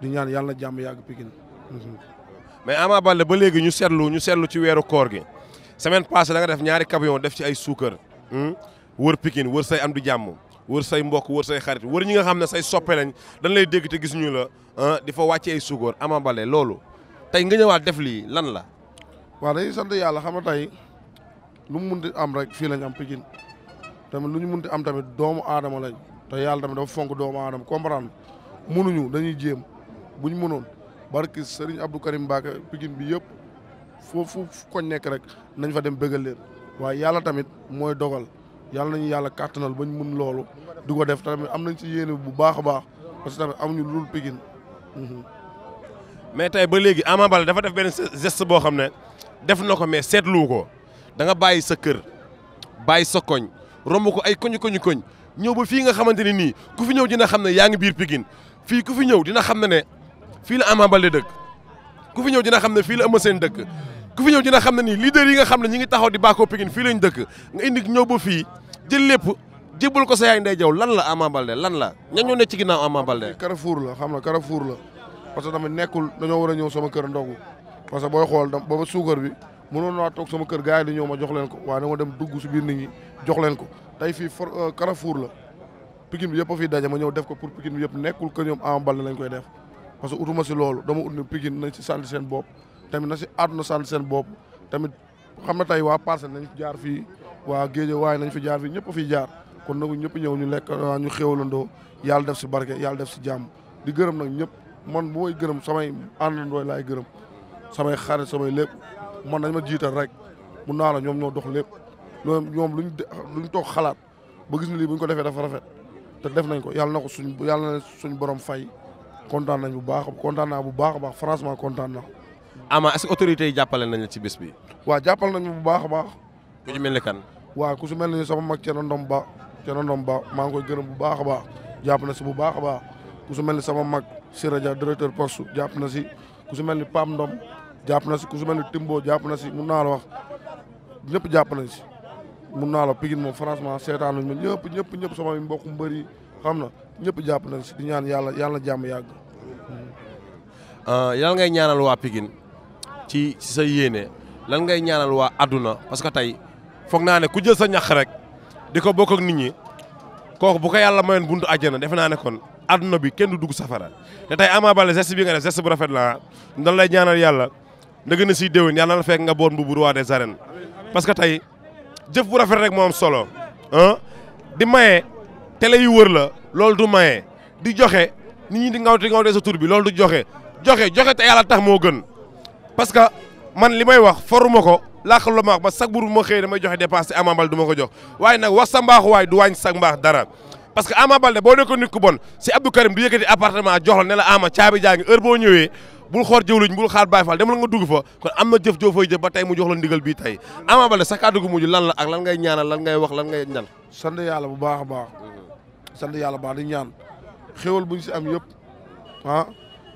di ñaan yàlla na jàmm yàgg Pikine mais Ama Baldé ba léegi ñu seetlu ñu seetlu ci weeru koor gi semaine passée da nga def ñaari camion def ci ay suukar hmm? war pikin wër say am du jàmm wër say mbokk wër say xarit wër ñi nga xam ne say soppe lañ dañ lay dégg te gis ñu la ah, di fa wàcce ay suukar Ama Baldé loolu tey nga ñëwaat def lii lan la. waaw dañuy sant yàlla xam nga tey lu mu munti am rek fii lañ am Pikine tamit lu ñu mun munti am tamit doomu aadama lañ te yàlla tamit dafa fonk doomu aadama comprendre mënuñu dañuy jéem buñ mënoon. barki Serigne Abdou Karim Mbacké Pikine bi yëpp foofu koñ nekk rek nañ fa dem bëggal leen waaye yàlla tamit mooy dogal yàlla nañu yàlla kàttanal bañ mun loolu di ko def tamit am nañ ci yéene bu baax a baax parce que tamit amuñu lu dul Pikine mhm. mais tey ba léegi Ama Baldé dafa def benn geste boo xam ne def na ko mais seetlu ko da nga bàyyi sa kër bàyyi sa koñ romb ko ay koñ koñ ñëw ba fii nga xamante ne nii ku fi ñëw dina xam ne yaa ngi biir Pikine fii ku fi ñëw dina xam ne ne fii la am Baldé dëkk ku fi ñëw dina xam ne fii la Eumeu Sène dëkk ku fi ñëw dina xam ne nii leader yi nga xam ne ñi ngi taxaw di bàkkoo Pikine fii lañ dëkk nga indi ñëw ba fii jël lépp jébbal ko sa yaay Ndey lan la Ama Baldé lan la ñan ñoo ne ci ginnaaw Ama Baldé fuur la xam na fuur la parce que tamit nekkul dañoo war a ñëw sama kër ndogu parce que booy xool da booba suukar bi mënoon naa toog sama kër gars yi di ñëw ma jox leen ko waaye dama dem dugg si biir nit ñi jox leen ko tey fii fuur euh, la Pikine bi yëpp a ma ñëw def ko pour yëpp nekkul que ñoom Ama lañ koy def parce que utuma si loolu dama ut ne Pikine nañ si sant seen bopp tamit na si àdduna sant seen bopp tamit xam na tey waa Parcelles nañ jaar fii waa Géeja waaye nañ fi jaar fii ñëpp a jaar kon nagu ñëpp ñëw ñu lekk ñu xéwalandoo yàlla def si barke yàlla def si jàmm di gërëm nag ñëpp man bu gërëm samay àndandoo laay gërëm samay xarit samay lépp man nañ ma jiital rek mun naa la ñoom ñoo dox lépp loolu ñoom luñ luñ toog xalaat ba gis ni lii buñ ko defee dafa rafet te def nañ ko yàlla na ko suñ yàlla na suñ borom fay kontaan nañ bu baax kontaan naa bu baax a baax franchement kontaan na. Ama est-ce yi jàppale nañ ci bés bi. waaw jàppal nañ bu baax a baax. ku ci mel ni kan. waaw ku ci mel ni sama mag Thierno Ndom Ba Thierno Ndom maa ngi koy gërëm bu baax a baax jàpp na si bu baax a baax ku ci mel ni sama mag si Dia directeur poste jàpp na si ku ci mel ni Pam Ndom jàpp na si ku ci mel ni Timbo jàpp na si mun naa la wax ñëpp jàpp nañ si mun naa la Pikine moom franchement seetaan nañ ma ñëpp ñëpp ñëpp sama mbokku mbër yi xam na ñëpp jàpp na si di ñaan yàlla yàlla jàmm yàgg. Euh, lan ngay ñaanal waa Pikine ci sa yéene lan ngay ñaanal waa àdduna parce que tey foog naa ne ku jël sa ñax rek di ko bokk ak nit ñi kooku bu ko yàlla mayoon buntu àjjana defe naa ne kon àdduna bi kenn du dugg safara te tey Ama Baldé geste bi nga def geste bu rafet la dan lay ñaanal yàlla nga gën a siy déwén yàlla na la nga boon bu roi des arènes parce que tey jëf bu rafet rek moo solo di maye. télé yu wër la loolu du maye di joxe nit ñi di ngawte ngawte sa tur bi loolu du joxe joxe joxe te yàlla tax moo gën parce que man li may wax foruma ko laaxal la ma wax ba sag bur bu ma xëyee damay joxe dépassé Ama Baldé du ma ko jox waaye nag wax sa mbaaxu waay du wàññi sa dara parce que Ama Baldé boo nekkoon nit ku bon si Abdou Karim du yëkkati appartement jox la ne la Ama caabi jaa ngi heure boo ñëwee bul xool jëwluñ bul xaar Baay Faal demal nga dugg fa kon am na jëf joo fay jëf ba tey mu jox la ndigal bii tey Ama Baldé sa kàddu lan la ak lan ngay lan ngay wax lan ngay ñaan sant yàlla bu baax a baax sant yàlla baax di ñaan bu buñ si am yëpp ah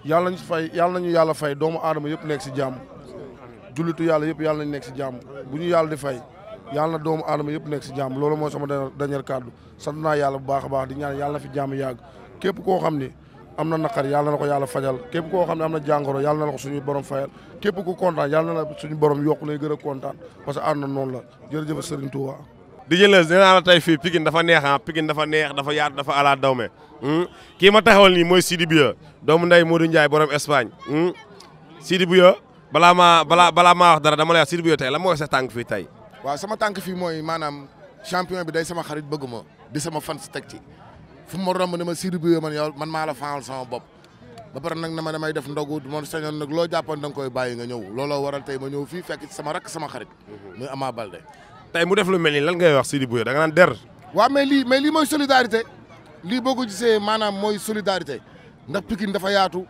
yàlla nañ si fay yàlla nañu yàlla fay doomu aadama yëpp nekk si jàmm jullitu yàlla yëpp yàlla nañ nekk si jàmm bu ñu yàlla di fay yàlla na doomu aadama yëpp nekk si jàmm loolu mooy sama dernier kàddu sant naa yàlla bu baax a baax di ñaan yàlla na fi jàmm yàgg képp ko xam ni am na naqar yàlla na ko yàlla fajal képp koo xam ne am na jàngoro yàlla na la ko suñu borom fayal képp ku kontaan yàlla na la suñu borom yokk lay gën a kontaan parce que ànd na noonu la jërëjëf Serigne Touba di Leuz nee naa la tey fii Pikine dafa neex ah Pikine dafa neex dafa yaatu dafa ala dawme hmm? kii ma taxawal nii mooy Sidi Bia doomu nday Modou Ndiaye borom Espagne hmm? Sidi Bia balaa maa balaa balaa maa dara dama lay wax Sidi Bia tey la moo sa tànk fii tey waa sama tànk fii mooy maanaam champion bi dey sama xarit bëgguma di sama fan fans teg ci fu ma romb ne ma Sidi Bia man yow man maa la faanal sama bopp ba pare nag na ma damay def ndogu man sañoon nag loo jàppoon da nga koy bàyyi nga ñëw looloo waral tey ma ñëw fii fekk sama rakk sama xarit hmm. muy tey mu def lu mel nii lan ngay wax Sidi Bouya da nga naan der. waaw mais lii mais lii mooy solidarité lii boo ko gisee maanaam mooy solidarité ndax pikin dafa yaatu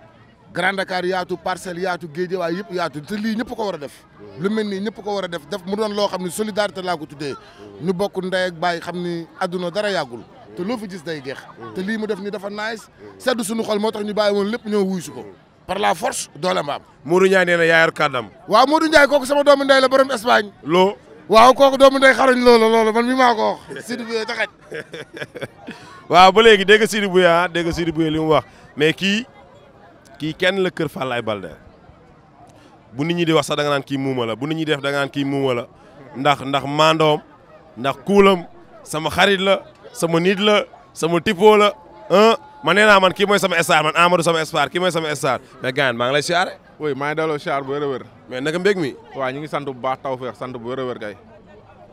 Grand Dakar yaatu Parcelles yaatu géej Guédiawaye yëpp yaatu te lii ñëpp ko war a def. lu mel nii ñëpp ko war a def def mu doon loo xam ne solidarité laa ko tuddee ñu bokk ndey ak baay xam ni adduna dara yàggul. te loo fi gis day geex te lii mu def ni dafa nice sedd suñu xol moo tax ñu bàyyi woon lépp ñoo wuy su ko par la force doole mbaam Modou Ndiaye nee na yaayar kàddam waaw Modou Ndiaye loo waaw kooku doomu day xarañ loolu loolu man mi maa ko wax Sidi Bouya taxaj waaw ba léegi dégg Sidi Bouya dégg Sidi Bouya bu mu wax mais kii kii kenn la kër Fallaye Balde bu nit ñi di wax sax da nga naan kii muuma bu nit ñi di def da nga naan kii muuma ndax ndax maandoom ndax kuulam sama xarit la sama nit la sama tippoo la 1 man man ki moy sama star man Amadou sama star ki moy sama star mais gaan Woi ngi lay siyaare oui ma ngi delloo siyaar bu wér a wér mais naka mbég mi wa ñi ngi sant bu baax taw feex sant bu wér a gay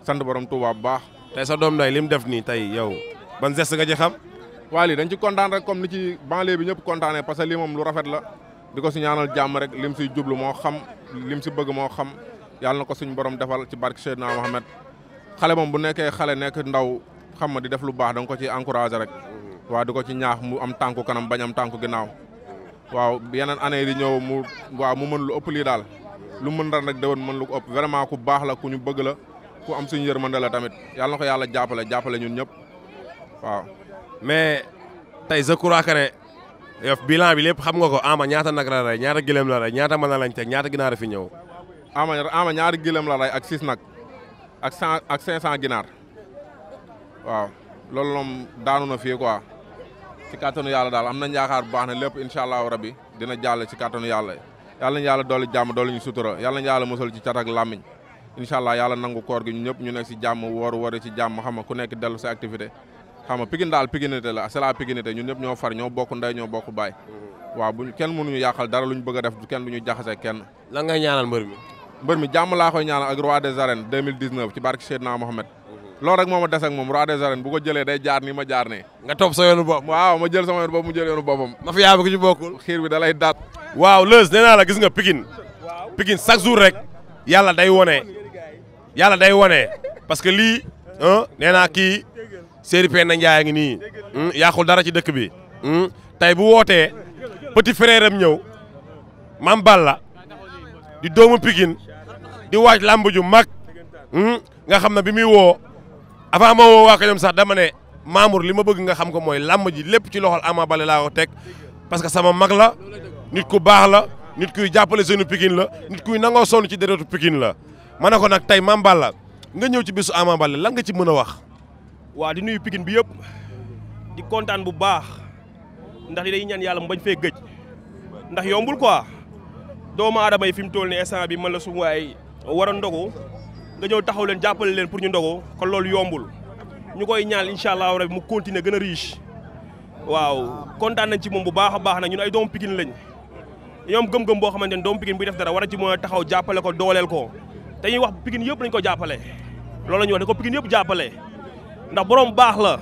sant borom Touba bu baax tay sa dom day lim def ni tay yow ban zest nga ci xam dañ ci contane rek comme ni ci banlieue bi ñep contane parce que li mom lu rafet la di ko ñaanal jamm rek lim ci jublu mo xam lim ci bëgg mo xam yalla nako suñu borom defal ci barke Seydina Mohamed xale mom bu nekké xale nekk ndaw xam ma di def lu baax dang ko ci encourager rek waaw di ko ci ñaax mu am tànku kanam bañ am tànku ginnaaw waaw yeneen yi di ñëw mu waaw mu mën lu ëpp lii daal lu mën ren rek déwén mën lu ko ëpp vraiment ku baax la ku ñu bëgg la ku am suñu yërmande la tamit yàlla na ko yàlla jàppale jàppale ñun ñëpp waaw. mais tey je crois que ne bi lépp xam nga ko Ama ñaata nag la rey ñaata gëlëm la rey ñaata man na lañ teg ñaata ginaar fi ñëw. Ama Ama ñaari gëlëm la rey ak six nag ak cent ak ginaar waaw loolu daanu na fii quoi. ci kàttanu yàlla daal am nañ yaakaar bu baax ne lépp incha allahu dina jàll ci kàttanu yàlla yàlla nañ yàlla dolli jàmm dolli ñu sutura yàlla nañ yàlla mosal ci cat ak làmmiñ incha allah yàlla nangu koor gi ñu ñëpp ñu nekk si jàmm woor woori ci jàmm xam ku nekk dellu sa activité xam nga daal Pikinité la c'est la ñëpp ñoo far ñoo bokk ndey ñoo bokk baay waaw buñ kenn mënuñu yàqal dara luñ bëgg a def kenn duñu jaxase kenn la loolu rek moo ma des ak moom roi des arènes bu ko day jaar ni ma jaar ne nga topp sa yoonu bopp waaw ma jël sama yoonu bopp mu jël yoonu boppam ma fi yaaba ko ci bokkul xiir bi da lay daat waaw Leuz nee la gis nga Pikine Pikine chaque jour rek yàlla day wone yàlla day wone parce que lii nee naa kii Serigne Penda Ndiaye ngi nii hmm, yàqul dara ci dëkk bi hmm, tey bu wootee petit frère am ñëw Mame Balla di doomu Pikine di waaj làmb ju mag hmm, nga xam ne bi muy woo avant mo wa ko ñom sax dama ne Mamour lima bëgg nga xam ko moy lamb ji lepp ci loxol Ama balé la ko tek parce que sama mag la nit ku bax la nit kuy jappalé seenu Pikine la nit kuy nango sonu ci déretu Pikine la ma ko nak tay mam Balla nga ñëw ci bisu Ama balé la nga ci mëna wax. wa di nuyu Pikine bi yëpp di contane bu bax ndax li day ñaan yalla mu bañ fee gëj ndax yombul quoi doomu adamay fim tolni instant bi man la su way nga ñew taxaw leen jàppale leen pour ñu ndogo kon lool yombul ñukoy ñaal inshallah rabbi mu continuer gëna riche waaw contane nañ ci mom bu baaxa baax na ñun ay doomu pikin lañ ñom gëm-gëm bo xamante ne doomu bu def dara wara ci mo taxaw jàppale ko dolel ko te wax pikin yëpp lañ ko jàppale lool lañ wax ne ko pikin yëpp jàppale ndax borom baax la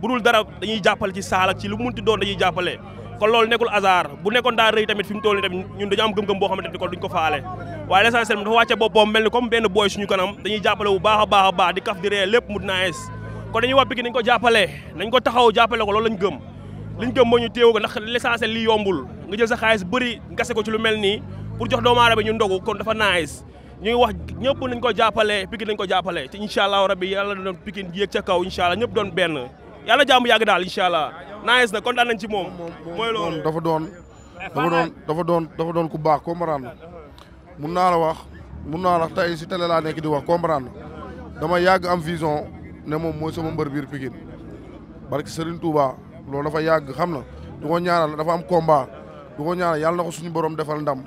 bu dara dañuy jàppale ci saal ci lu muñti doon dañuy jàppale kon loolu nekkul hasard bu nekkoon daa rëy tamit fi mu toll nii tamit ñun dañu am gëm-gëm boo xamante ni kon duñ ko faale waaye l'essentiel dafa wàcce boppam mel ni comme benn booy suñu kanam dañuy jàppale bu baax a baax a baax di kaf di ree lépp mu dina es kon wax Pikine nañ ko jàppale nañ ko taxaw jàppale ko loolu lañ gëm liñ gëm moo ñu téew ko ndax l'essentiel li yombul nga jël sa xaalis bëri gase ko ci lu mel nii pour jox doomu aadama ñu ndogu kon dafa nice ñuy wax ñëpp nañ ko jàppale Pikine nañ ko jàppale te incha allah rabbi yàlla doon Pikine yéeg kaw incha allah ñëpp doon benn yàlla jàmm yàgg daal incha allah nice na kontaan nañ ci moom. mooy loolu dafa doon dafa doon dafa doon dafa doon ku baax comprendre mun naa la wax mun naa la tey si télé laa nekk di wax comprendre dama yàgg am vision ne moom mooy sama mbër biir Pikine barke Serigne Touba loolu dafa yàgg xam na du ko ñaanal dafa am combat du ko ñaanal yàlla na ko suñu borom defal ndam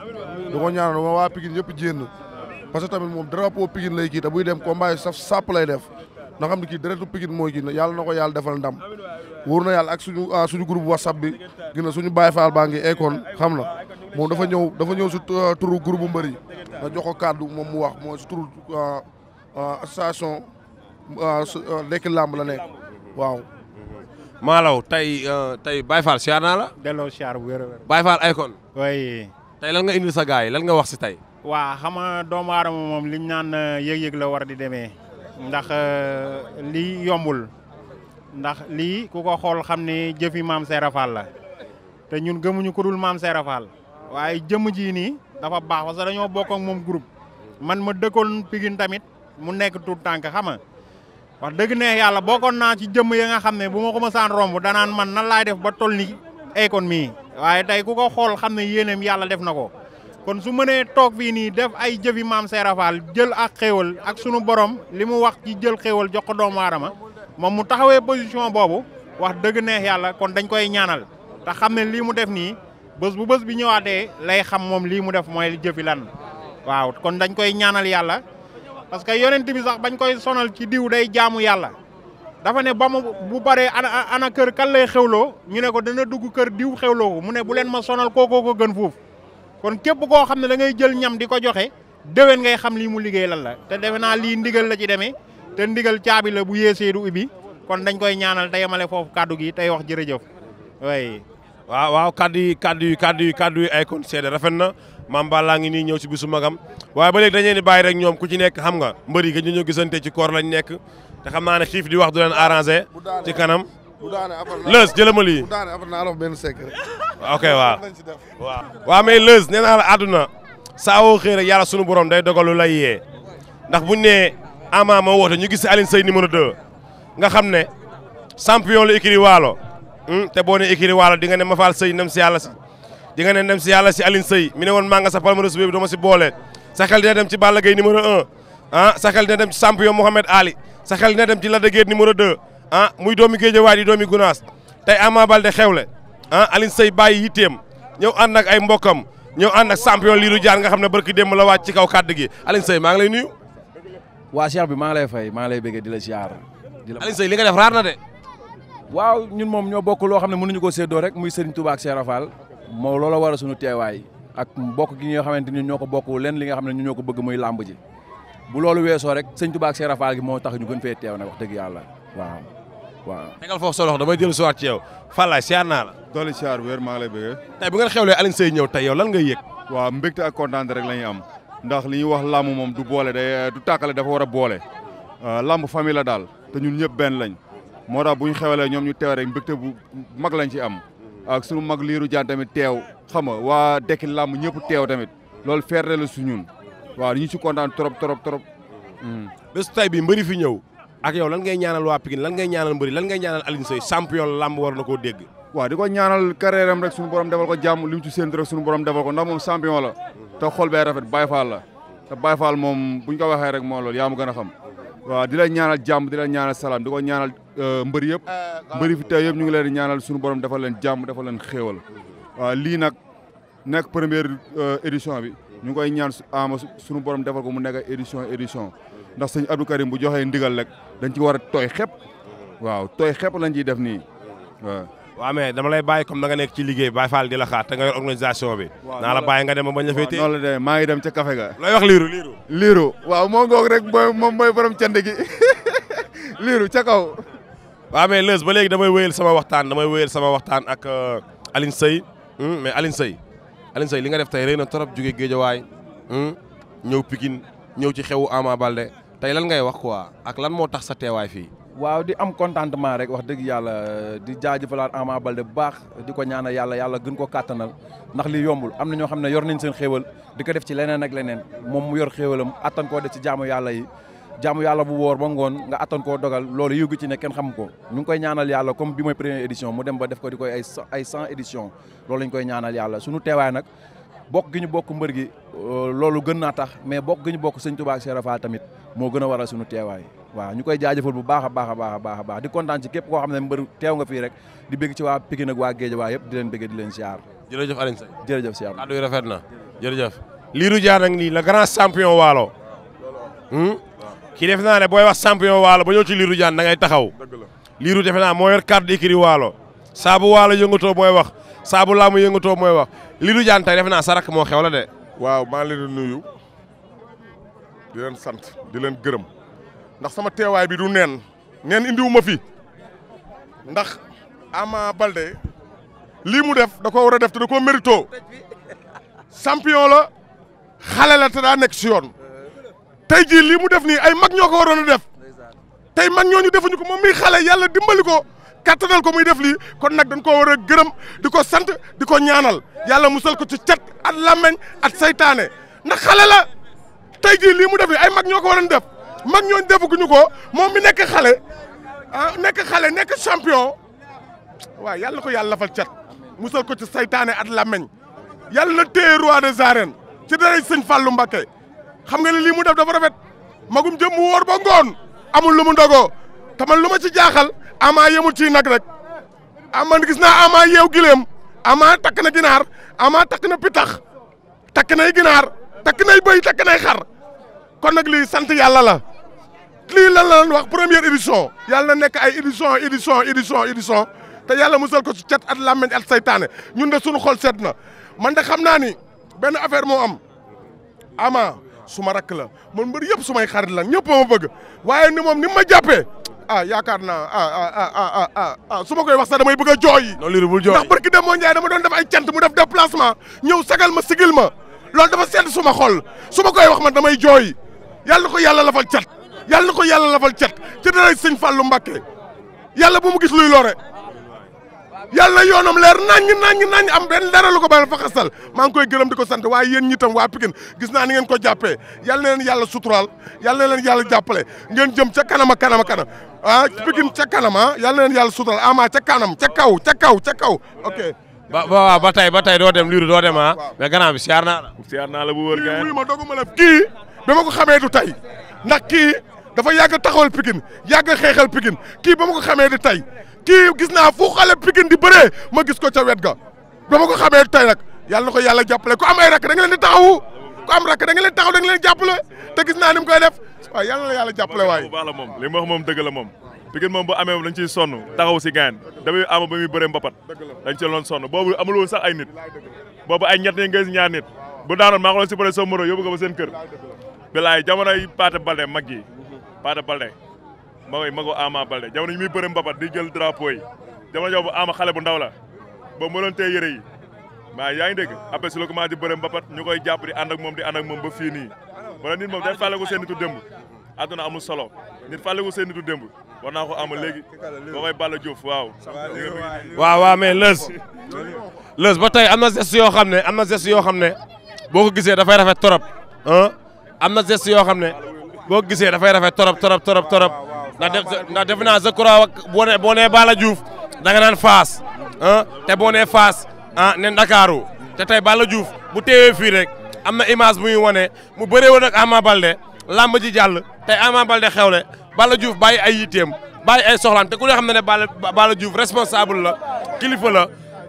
du ko ñaanal waa Pikine yëpp jéem parce que tamit moom drapeau Pikine lay kii te buy dem combat yi saf sàpp lay def. na xam ne kii deretu Pikine mooy kii yàlla na ko yàlla defal ndam wóor na yàlla ak suñu ah, suñu groupe whatsapp bi gina suñu Baye Fall baa ngi ekoon xam na moom dafa ñëw dafa ñëw si ah, turu groupe mbër yi joxo jox kàddu moom mu wax mooy si turu ah, association lekk làmb la nekk waaw. Malaw tey tey Baye Fall siyaar naa la. delloo siyaar bu wér a wér. Baye Fall ekoon. tey lan nga indil sa gars yi lan nga wax si tey. waa xam nga doomu aadama moom liñ naan yëg-yëg la war di demee. ndax euh, lii yombul ndax lii ku ko xool xam ne jëfi maam Serap Fall la te ñun gëmuñu ko dul maam Serap Fall waaye jëmm jii nii dafa baax parce que dañoo bokk moom group man ma dëkkoon Pikine tamit mu nekk tout tànk xam nga wax dëgg ne yàlla bokkoon naa ci jëm ya nga xam ne bu ma ko ma saan romb danaan man nan laay def ba toll ni ekoon mii waaye tey ku ko xool xam ne yéeneem yàlla def na ko kon su meune tok fi ni def ay jëfi maam serafal Faal ak xewal ak sunu borom limu wax ci jël xewal jox ko doom aadama mom mu taxawé position bobu wax deug neex yalla kon dañ koy ñaanal ta xam ne mu def ni bés bu bés bi ñëwaaté lay xam mom lii mu def moy jëfi lan waaw kon dañ koy ñaanal yalla parce que yonent bi sax bañ koy sonal ci diiw day jaamu yalla dafa ne ba bu pare ana ana kër kan lay xewlo ñu ne ko dana dugg keur diiw xewlo mu ne bu len ma sonal koko ko gën fofu kon képp koo xam ne da ngay jël ñam di ko joxe déwén ngay xam lii mu liggéey lan la te defe naa lii ndigal la ci demee te ndigal caabi la bu yéesee du ubbi kon dañ koy ñaanal te yemale foofu kàddu gi tey wax jërëjëf way waaw waaw kàddu yi kàddu yi kàddu yi kàddu yi ay kon seede rafet na maam Balla ngi nii ñëw si bisu magam waaye ba léegi dañu leen di bàyyi rek ñoom ku ci nekk xam nga mbër yi gëj nañoo gisante ci koor lañ nekk te xam naa ne xiif di wax du leen arrangé ci kanam lës jëlama lii. ok waaw. waaw waaw mais lës nee naa àdduna saa woo xëy rek sunu borom day dogalu lay ndax buñ nee Ama moo woote ñu gis Alioune Seye numéro 2 nga xam ne champion la écurie Waalo hmm? te boo nee Waalo di nga ne ma say sëy si yàlla si di nga ne ndem si yàlla si Alioune say mi ne woon maa nga sa palmarès bi dama si boole sa xel dina dem ci Balla Gaye numéro ah, sa xel dina dem ci champion Mouhamed Ali sa xel dina dem ci Lac de Guiers ah muy doomi Géejawaay di doomi Gunaas tey Ama Baldé xewle ah Alioune Seye bàyyi yitteem ñëw ànd ak ay mbokkam ñëw ànd ak champion Lirou Diane nga xam ne barki démb la wàcc ci kaw kàddu gi Alioune Seye ngi lay nuyu. waa Cheikh bi maa lay fay maa lay bëggee di la ziar. di la Alioune li nga def raar na de. waaw ñun moom ñoo bokk loo xam ne mënuñu ko séddoo rek muy Serigne Touba ak Cheikh Rafal moo loola war sunu teewaay ak mbokk gi ñoo xamante ni ñoo ko bokk leen li nga xam ne ñu ñoo ko bëgg muy làmb ji bu loolu weesoo rek sëñ Tuubaa ak Seex Faal moo tax ñu gën fee teew nag wax dëgg yàlla waaw waaw tegal foofu sa loxo damay jël suwaat ci yow Fallaye siyaar naa la dooli siyaar wéer maa ngi lay bëggee tey bu ngeen xewlee Alioune Seye ñëw tey yow lan ngay yëg waaw mbégte ak kontaan rek la ñuy am ndax li ñuy wax làmb moom du boole day du tàkkale dafa war a boole euh, làmb famille daal te ñun ñëpp benn lañ moo tax bu ñu xewalee ñoom ñu teew rek mbégte bu mag lañ ci am ak suñu mag liiru jaan tamit teew xam waa dekki làmb ñëpp teew tamit loolu feerte la su ñun waaw ñu ci kontaan trop trop trop hmm. bés tay bi mbëri fi ñëw ak yow lan ngay ñaanal waa Pikine lan ngay ñaanal mbëri lan ngay ñaanal Alioune Seye champion làmb war na koo dégg waaw di ko ñaanal carrière am rek suñu borom defal ko jàmm li mu ci séntu rek suñu borom defal ko ndax moom champion la te xol bee rafet Baye Fall la te Baye Fall moom buñ ko waxee rek moo loolu yaa mu gën waaw di la ñaanal jàmm di la ñaanal salaam di ko ñaanal euh, mbëri yëpp mbëri fi tey yëpp ñu ngi leen di ñaanal suñu borom defal leen jàmm defal leen xeewal waaw lii nag nekk première euh, édition bi ñu ngi koy ñaan ama suñu borom defal ko mu nekk édition édition ndax sëñ Abdou Karim bu joxe ndigal rek dañ ci war a tooy xepp waaw tooy xepp lañ ciy def nii waaw. waaw mais dama lay bàyyi comme da nekk ci liggéey Baye Fall di la xaar te nga yor bi. naa la bàyyi nga dem ba bañ la féetee. maa ngi dem ca café ga. lay wax liiru liiru. waaw moo ngoog rek mooy moom mooy borom cand gi liiru ca kaw. waaw mais ba léegi damay wéyal sama waxtaan damay wéyal sama waxtaan ak euh, Aline say hmm, mais Aline say Alioune Seye li nga def tey rëy na trop jóge Géejawaay hmm? ñëw Pikine ñëw ci xewu Ama Balde tey lan ngay wax ko quoi ak lan moo tax sa teewaay fii. waaw di am contentement rek wax dëgg yàlla di jaajëfalaat Ama Balde bu baax di ko ñaanal yàlla yàlla gën ko kàttanal ndax li yombul am na ñoo xam ne yor nañ seen xéewal di ko def ci leneen ak leneen moom mu yor xéewalam attan koo def ci jaamu yàlla yi jaamu yàlla bu wóor ba ngoon nga attan koo dogal loolu yëgu ci ne kenn xam ko ñu ngi koy ñaanal yàlla comme bi mooy première édition mu dem ba def ko di koy ay ay cent édition loolu lañ koy ñaanal yàlla suñu teewaay nag bokk gi ñu bokk mbër gi euh, loolu gën naa tax mais bokk gi ñu bokk sëñ Tuubaa ak Cheikh Rafa tamit moo gën a waral sunu teewaay waaw ñu koy jaajëfal bu baax a baax a baax a baax di kontaan ci képp koo xam ne mbër teew nga fii rek di bëgg ci waa Pikine ak waa Guédiawaye yëpp di leen bëgg rafet na jërëjëf Lirou Diane nag nii le grand champion waalo hmm? ki def naa ne boy wax champion walo ba ñëw ci liru jaan da ngay taxaw liru defe naa moo yor kàddu ikiri waalo sabu walo yëngatoo boy wax saabu lamu yëngatoo moy wax liru jaan tay defe sarak mo xew la de waaw ma leen nuyu di leen sant di leen geureum ndax sama teway bi du neen neen ma fi ndax Ama balde, lii mu def da ko wara def te da ko merito champion la xalé la ta da nek ci yone tey jii lii mu def nii ay mag ñoo ko waroon a def tey mag ñooñu defuñu ko moom mi xale yàlla dimbali ko kattanal ko muy def lii kon nag dañ koo war a gërëm di ko sant di ko ñaanal yàlla musal ko ci cet at làmmeñ at saytaane ndax xale la tey jii lii mu def nii ay mag ñoo ko waroon def mag ñooñu defaguñu ko moom mi nekk xale ah nekk xale nekk champion waaw yàlla ko yàlla lafal cet musal ko ci seytaane at làmmeñ yàlla na téye roi des ci daray sëñ Fallou Mbacké xam nga ne lii mu def dafa rafet magum jëm mu wóor ba ngoon amul lu mu ndogoo man lu ma ci jaaxal ama yemul ci nag rek aman ah, gis naa ama yeew gileem ama takk na ginaar ama takk na pitax takk nay ginaar takk nay bëy takk nay xar kon nag lii sant yàlla la lii lan la wax premier édition yàlla nekk ay édition édition édition édition te yàlla musal ko ci cat at làmmeñ at saytaane ñun de suñu xol seet na man de xam naa ni benn affaire moo am ama suma ma rakk la man mbër yëpp su may xarit la ñëpp ma bëgg waaye ni moom ni ma jàppee a ah, yaakaar naa a ah ah, ah ah ah ah su ma koy wax sax damay bëgg a jooy. loolu bul jooy ndax barki Demba Ndiaye dama doon def ay cant mu def ma ñëw sagal ma sigil ma loolu dafa sedd suma ma xol su ma koy wax ma damay jooy yàlla na ko yàlla lafal cat yàlla na ko yàlla lafal cat ci dara sëñ Fallou Mbacké yàlla bu mu gis luy lore. yàlla na yoonam leer naññ naññ naññ am benn dara lu ko baal fa xasal maa ngi koy gërëm di ko sant waaye yéen ñi tam waa Pikine gis naa ni ngeen ko jàppee yàlla na leen yàlla suturaal yàlla na leen yàlla jàppale ngeen jëm ca kanam a kanam a kanam ah Pikine ca kanam ah yàlla na leen yàlla suturaal ama ca kanam ca kaw ca kaw ca kaw ok ba waaw ba tey ba tey doo dem liiru doo dem ah mais gannaaw bi siyaar naa la siyaar naa la bu wër gaay ma doguma la kii ba ma ko xamee du tey ndax kii dafa yàgg taxawal Pikine yàgg xeexal Pikine kii ba ma ko xamee du tey ki gis na fu xale pikin di beure ma gis ko ca wet ga dama ko xame tay nak yalla nako yalla jappale ko am ay rak da nga len di taxawu ko am rak da nga len taxaw da nga len jappale te gis na nim koy def wa yalla la yalla jappale way bu li mu wax moom dëgg la mom pikin mom bu amé lañ ci sonu taxaw ci gaan dafay ama ba muy beure mbapat dañ ci lon sonu bobu amul won sax ay nit bobu ay ñet ngay ñaar nit bu daanoon ma ko loon si bëre moro yóbbu ko ba seen kër bilaay jamonoy Paate Balde mag yi Balde ma mago Ama balde jamono yi muy baba di jël drapeau yi jamono jooju Ama xalé bu ndaw la ba mo lon tay yere yi ma yaay deug après su la di bëre baba ñukoy japp di and ak mom di and ak mom ba fii nii wala nit mom day fàlleku seen tu demb aduna amul solo nit fàlleku seen tu demb war ko ama legi ba koy Balla jof waaw waaw waaw mais leus leus ba tay amna na yo xamne amna ne yo xamne boko gisee da fay rafet torop hein amna na yo xamne boko gisee da fay rafet torop torop torop torop Na def na defe naa Zakura boo nee boo nee Balla Diouf da nga naan Fass ah te boo nee Fass ah ne Ndakaaru te tey Balla Diouf bu teewee fii rek am na image bu ñu mu bëree woon ak Ama Balde làmb ji jàll tey Ama Balde xewle Balla Diouf bàyyi ay yitteem bàyyi ay soxlaam te ku ne xam ne ne Balla Diouf responsable la kilifa la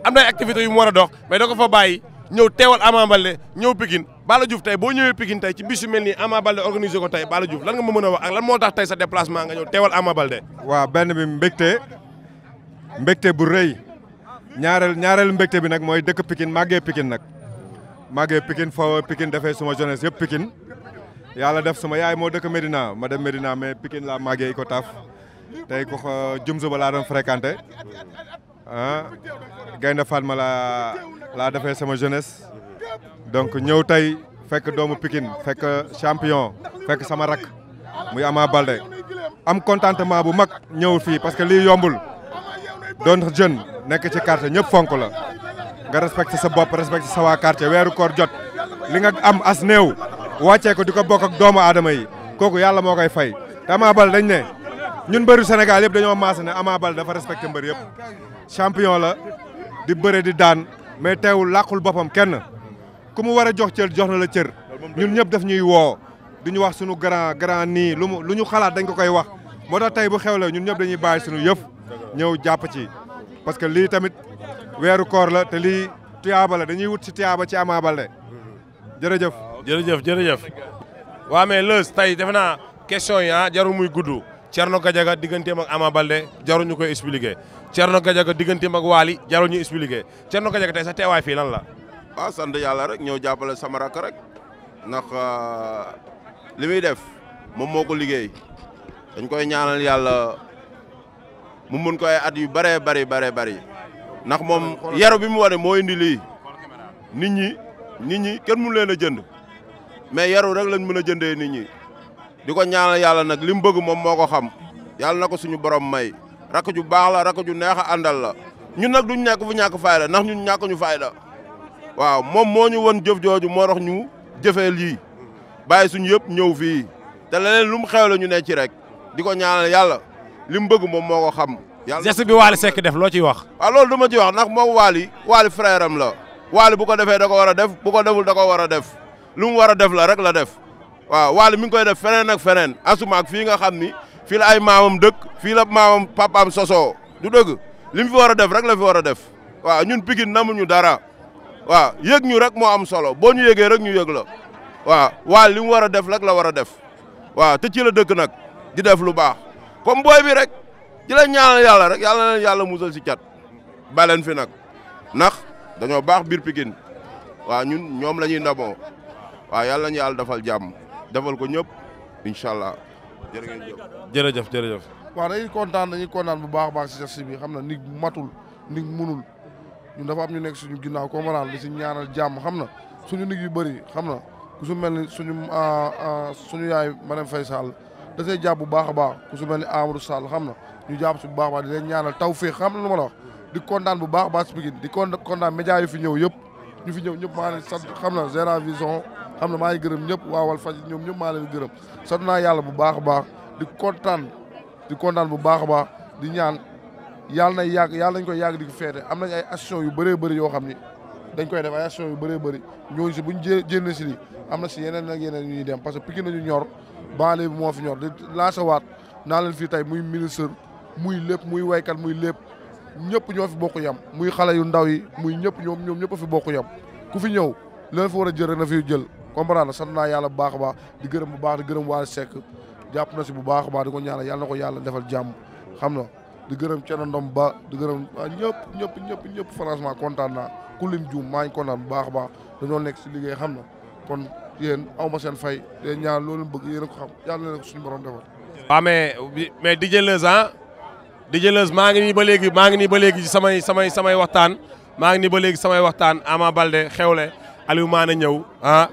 am na ay activités yu mu war a dox mais da ko fa bàyyi. ñëw teewal Ama Baldé ñëw Pikine Balla Diouf tey boo ñëwee pikin tey ci bis yu mel nii Ama Baldé organisé ko tey Balla Diouf lan nga ma mën a wax ak lan moo tax tey sa déplacement nga ñëw teewal Ama Baldé. waa benn bi mbégte mbégte bu rëy ñaareel ñaareel mbégte bi nag mooy dëkk pikin màggee Pikine nag màggee Pikine foo Pikine defee suma jeunesse yëpp Pikine yàlla def suma yaay moo dëkk Medina ma dem Medina mais Pikine laa màggee ko taaf tey ko jumsu ba laa doon fréquenté ah la c'est jeunesse donc suis que doomu Pikine que champion fait sama rak muy Ama am contentement bu mag ñew fi parce que nous yombul doon jeune nek ci quartier ñep fonko la nga respecté sa bop respecté sa quartier koor jot li am as New. ko di ko bokk ak doomu aadama yi koy fay Ama dañ ñun Sénégal champion la mais teewul làqul boppam kenn ku mu war a jox cër jox na la cër ñun ñëpp daf ñuy woo duñu wax suñu grand grand nii lu mu lu ñu xalaat dañ ko koy wax moo tax tey bu xewlee ñun ñëpp dañuy bàyyi suñu yëf ñëw jàpp ci parce que lii tamit weeru koor la te lii tuyaaba dañuy wut si tuyaaba ci Ama jërëjëf jërëjëf jërëjëf waa mais Leuz tey defe naa question yi ah jarul muy gudd Thierno Gadiaga digganteem ak Ama Baldé jarul ñu koy expliquer Thierno Gadiaga diganti mak wali jarul ñu expliqué Thierno Gadiaga tay sa téway fi lan la. waaw ah, sant yalla rek ñëw jappalé sama rak rek nak ah, li def mom moko liggéey dañ koy ñaanal yalla mu mën koy at yu bëree bëri bëree bëri nak mom yaru bi mu wane mo indi li nit ñi nit ñi kenn mu leena jënd mais yaru rek lañ mëna jëndé nit ñi diko ñaanal yalla nak bëgg mom moko xam yalla nako suñu borom may rakk ju baax la rakk ju neex andal la ñun nak duñ nekk fu ñàkk fayda nak ñun ñak ñu fayda waaw mom moñu won jëf joju mo tax ñu jëfé li bàyyi suñu yëpp ñëw fii te leneen lu mu xew ñu ne ci rek di ñaanal yalla li bëgg mom moko xam. yàlla geste bi wali Seck def lo ci wax. wa lool duma ci wax nak moom wali wali frère la wali bu ko defee da ko wara def bu ko deful da ko wara def lu mu wara def la rek la def waaw wali mi ngi koy def feneen ak feneen asuma ak fi nga xamni fii la ay maamam dëkk fii la maamam am sosoo du dëgg li mu fi war a def rek la fi war a def waaw ñun Pikine namuñu dara waaw yëg ñu rek moo am solo boo ñu yëgee rek ñu yëg la waaw waa li mu war a def rek la war a def waaw te ci la dëkk nag di def lu baax comme booy bi rek di la ñaanal yàlla rek yàlla na yàlla musal si cat baleen fi nag ndax dañoo baax biir Pikine waaw ñun ñoom la ñuy waa waaw yàlla nañu yàlla defal jàmm defal ko ñëpp incha allah jërë ngeen jëf jërëjëf jërëjëf. waaw dañuy kontaan dañuy kontaan bu baax baa si si bi xam na nit matul nit munul ñun dafa am ñu nekk suñu ginnaaw comprendre di si ñaanal jàmm xam na suñu nit yu bëri xam na ku mel ni suñu ah, ah, suñu yaay Marème Faye fay da see jàpp bu baax a baax ku su mel ni Amadou saal xam na ñu jàpp si bu baax a baax di leen ñaanal taw féex xam na lu ma la wax di kontaan bu baax a baax si Pikine di kontaan média yu fi ñëw yëpp ñu fi ñëw ñëpp maa ngi sant xam na Zera Vision am ne maa ngi gërëm ñëpp waawal Walfadjri ñoom ñëpp maa leen gërëm sant naa yàlla bu baax a baax di kontaan di kontaan bu baax a baax di ñaan yàlla na yàgg yàlla nañ koy yàgg di ko feete am nañ ay action yu bëree bëri yoo xam ni dañ koy def ay action yu bëree bëri ñooñu si buñ jé jénn si li am na si yeneen nag yeneen ñuy dem parce que Pikine nañu ñor banlieue bi moo fi ñor di lancé waat naa leen fii tey muy ministre muy lépp muy waykat muy lépp ñëpp ñoo fi bokk yam muy xale yu ndaw yi muy ñëpp ñoom ñoom ñëpp fi bokk yam ku fi ñëw leen a jël na fi jël comprendre na sant naa bu baax a baax di bu baax di gërëm waa Seck jàpp na si bu baax a baax di ko ñaanal na ko yàlla defal jàmm xam na di gërëm Thierno Ndom ba di gërëm ñëpp ñëpp ñëpp ñëpp franchement kontaan naa ku lim juum maa bu baax a baax dañoo nekk si liggéey xam na kon yéen aw ma seen fay te ñaan loolu bëgg yéen a ko xam yàlla na ko suñu borom defal. waaw mais mais DJ Leuz ah DJ Leuz maa ngi nii ba léegi maa ngi nii ba léegi samay samay samay waxtaan maa ngi nii ba léegi samay waxtaan Ama Balde xewle Aliou maa na ñëw ah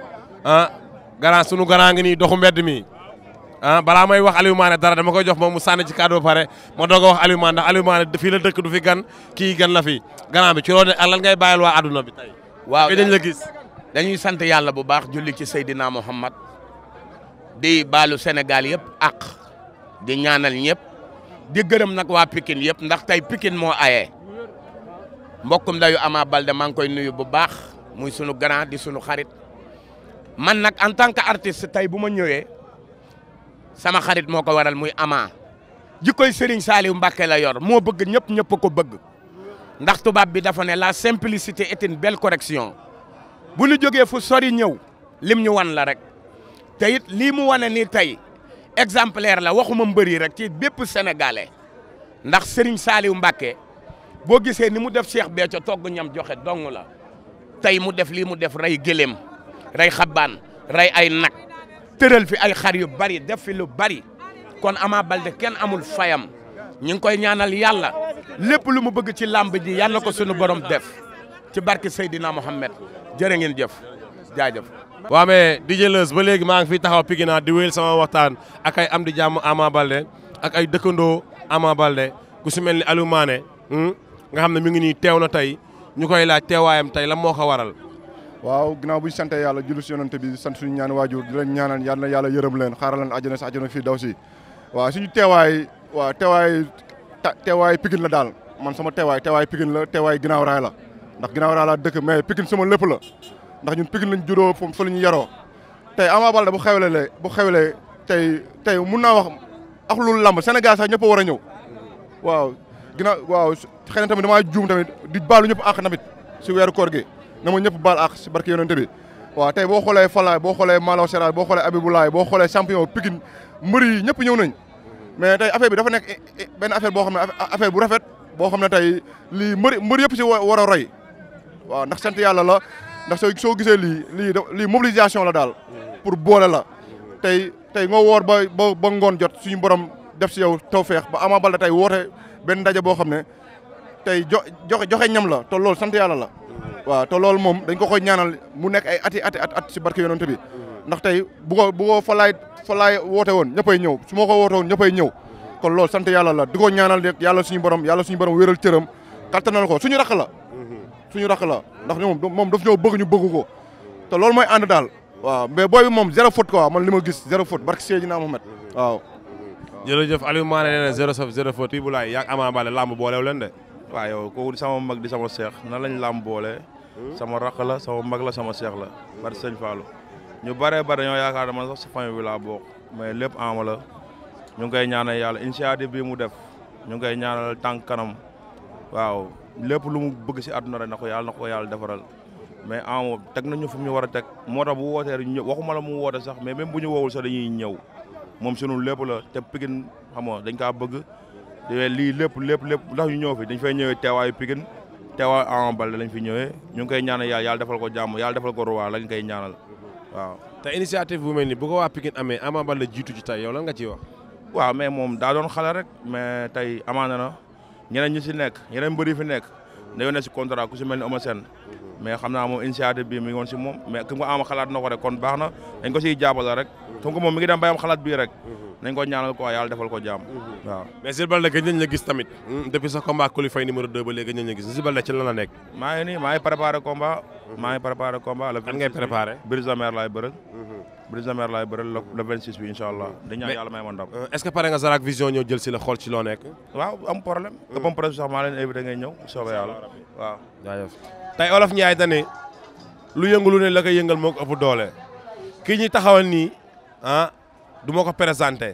ah garant sunu garant ngi nii doxu mbedd mi ah balaa may wax Aliou Mané dara dama koy jox moom mu sànni ci kàddu ba pare ma doog a wax Aliou Mané ndax fii la dëkk du fi gan kii gan la fi garant bi ci loolu ak lan ngay bàyyil waa àdduna bi tey. waaw dañ la gis. dañuy sant yàlla bu baax julli ci Seydina Muhammad di baalu senegal yëpp ak di ñaanal ñëpp di gërëm nag waa Pikine yëpp ndax tey pikin moo aye mbokkum dayu Ama Balde maa ngi koy nuyu bu baax muy sunu grand di sunu xarit. man nak en tant que artiste tey bu sama xarit moko waral muy Ama jikoy Serigne sali Mbacké la yor mo bëgg ñëpp ñëpp ko bëgg ndax tubab bi dafa né la simplicité est une belle correction bu ñu joggé fu sori ñëw lim ñu wan la rek tay it li mu wané nii tay exemplaire la waxuma mbeuri rek ci bép sénégalais ndax Serigne Saliou Mbacké bo gisé ni mu def Cheikh Béthio togg ñam joxé dong la tay mu def li mu def ray rey xabaan rey ay nag tëral fi ay xar bari def fi lu bari kon Ama Baldé kenn amul fayam ñu ngi koy ñaanal yàlla lépp lu mu bëgg ci làmb ji yàlla ko sunu borom def ci barke Seydina Mohamed jërë ngeen jëf jaajëf. waaw mais DJ Leuz ba léegi maa ngi fi taxaw Pikine di wéyal sama waxtaan ak am di jàmm Ama Baldé ak ay dëkkandoo Ama Baldé ku si mel ni Aliou Mané hmm, nga xam ne mi ngi nii teew na tey ñu koy laaj teewaayam tey lan moo ko waral. waaw ginaaw bu ñu sante yàlla julus yonante bi sant suñu ñaan wajur di leen ñaanal yalla yalla yeureum leen xaaral leen aljana si àjjana fii daw si waaw suñu teewaay waaw teewaay teewaay Pikine la dal man sama teewaay teewaay Pikine la teewaay ginaaw raay la ndax ginaaw raay la dëkk mais Pikine sama lepp la ndax ñun Pikine lañ fu fa lañu yaro tay tey Ama Baldé bu le bu xewle tay tay mu na wax ak lu lamb senegal sax ñepp wara ñew waaw ginaaw waaw xeyna tamit dama joom tamit di balu ñepp ak tamit si wër koor gi na ma ñëpp baal ak si barke yonente bi waaw tey boo xoolee Falaay boo xoolee Malaw Seraay boo xoolee Abibulaay boo xoolee champion Pikine mbër yi ñëpp ñëw nañ mais tey affaire bi dafa nekk eh, eh, benn affaire boo xam ne affaire bu rafet boo xam ne tey lii mbër mbër yëpp si war a roy waaw ndax sant yàlla la ndax soo soo gisee lii lii lii mobilisation la daal pour boole la tey tey nga woor ba ba ba ngoon jot suñu borom def si yow feex ba Ama Baldé tey woote benn ndaje boo xam ne tey jo joxe joxe ñam la te loolu sant yàlla la. waaw te lool moom dañ ko koy ñaanal mu nekk ay at at si barke yonent bi ndax tey bu ko bu ko falaay falaay woote woon ñëppay ñëw su ma ko woote woon ñëppay ñëw kon lool sant yàlla la di ko ñaanal rek yàlla suñu borom yàlla suñu borom wéral cëram kattanal ko suñu rakk la suñu rakk la ndax moom moom daf ñëw bëgg ñu bëgg ko te loolu mooy ànd daal waaw mais booy bi moom zéro faute quoi man li ma gis zéro faute barke Seydina Mohamed waaw jërëjëf Aliou Mané nee na zéro saf zéro faute yi bu laay yaag leen de waaw yow kooku sama mag di sama seex nan lañ làmb boole hmm? sama rakk la sama mag la sama seex la bari sëñ Fallou ñu bare bare ñoo yaakaar na man sax si famille bi laa bokk mais lépp ama la ñu ngi koy ñaanal yàlla initiative bi mu def ñu ngi koy ñaanal tànk kanam waaw lépp lu mu bëgg si àdduna rek na ko yàlla na ko yàlla defaral mais ama teg nañu fu mu ñu war a teg moo tax bu wootee rek waxuma la mu woote sax mais bu ñu woowul sax dañuy ñëw moom sunu lépp la te Pikine dañ kaa bëgg lii lépp lépp lépp ndax ñu ñëw fi dañ fay ñëwee teewaayu Pikine teewaayu Ama Baldé lañ fi ñëwee ñu ngi koy ñaanal yàlla yàlla defal ko jàmm yàlla defal ko ruwaa lañ koy ñaanal waaw. te initiative bu mel ni bu ko waa Pikine amee Ama Baldé jiitu ci tey yow lan nga ciy wax. waaw mais moom daa doon xale rek mais tey amaana na ñeneen ñi si nekk ñeneen mbëri fi nekk dañoo ne si contrat ku si mel ni Eumeu Sène mais xam naa moom initiative bi mi ngi woon si moom mais ki nga ama xalaat na ko rek kon baax na dañ ko siy jàppale rek donc moom mi ngi dem bayam xalaat bii rek nañ ko ñaanal quoi yàlla defal ko jàmm waaw mais Jules Baldé gëj nañ la tamit hmm, depuis sa combat Coly Faye numéro 2 ba léegi gëj nañ la gis ci lan la nekk maa ngi préparé combat maa préparé combat lan préparé Brise de Mer laay bëral hmm. Brise de Mer laay bëral allah di ñaan yàlla may ma euh, est ce que pare nga Zarak Vision ñëw jël si la xool ci loo nekk waaw am problème ëppam hmm. problème sax maa leen invité ngay ñëw soobee yàlla waaw jaajëf Olof ñi taxawal nii ah du ma ko présenté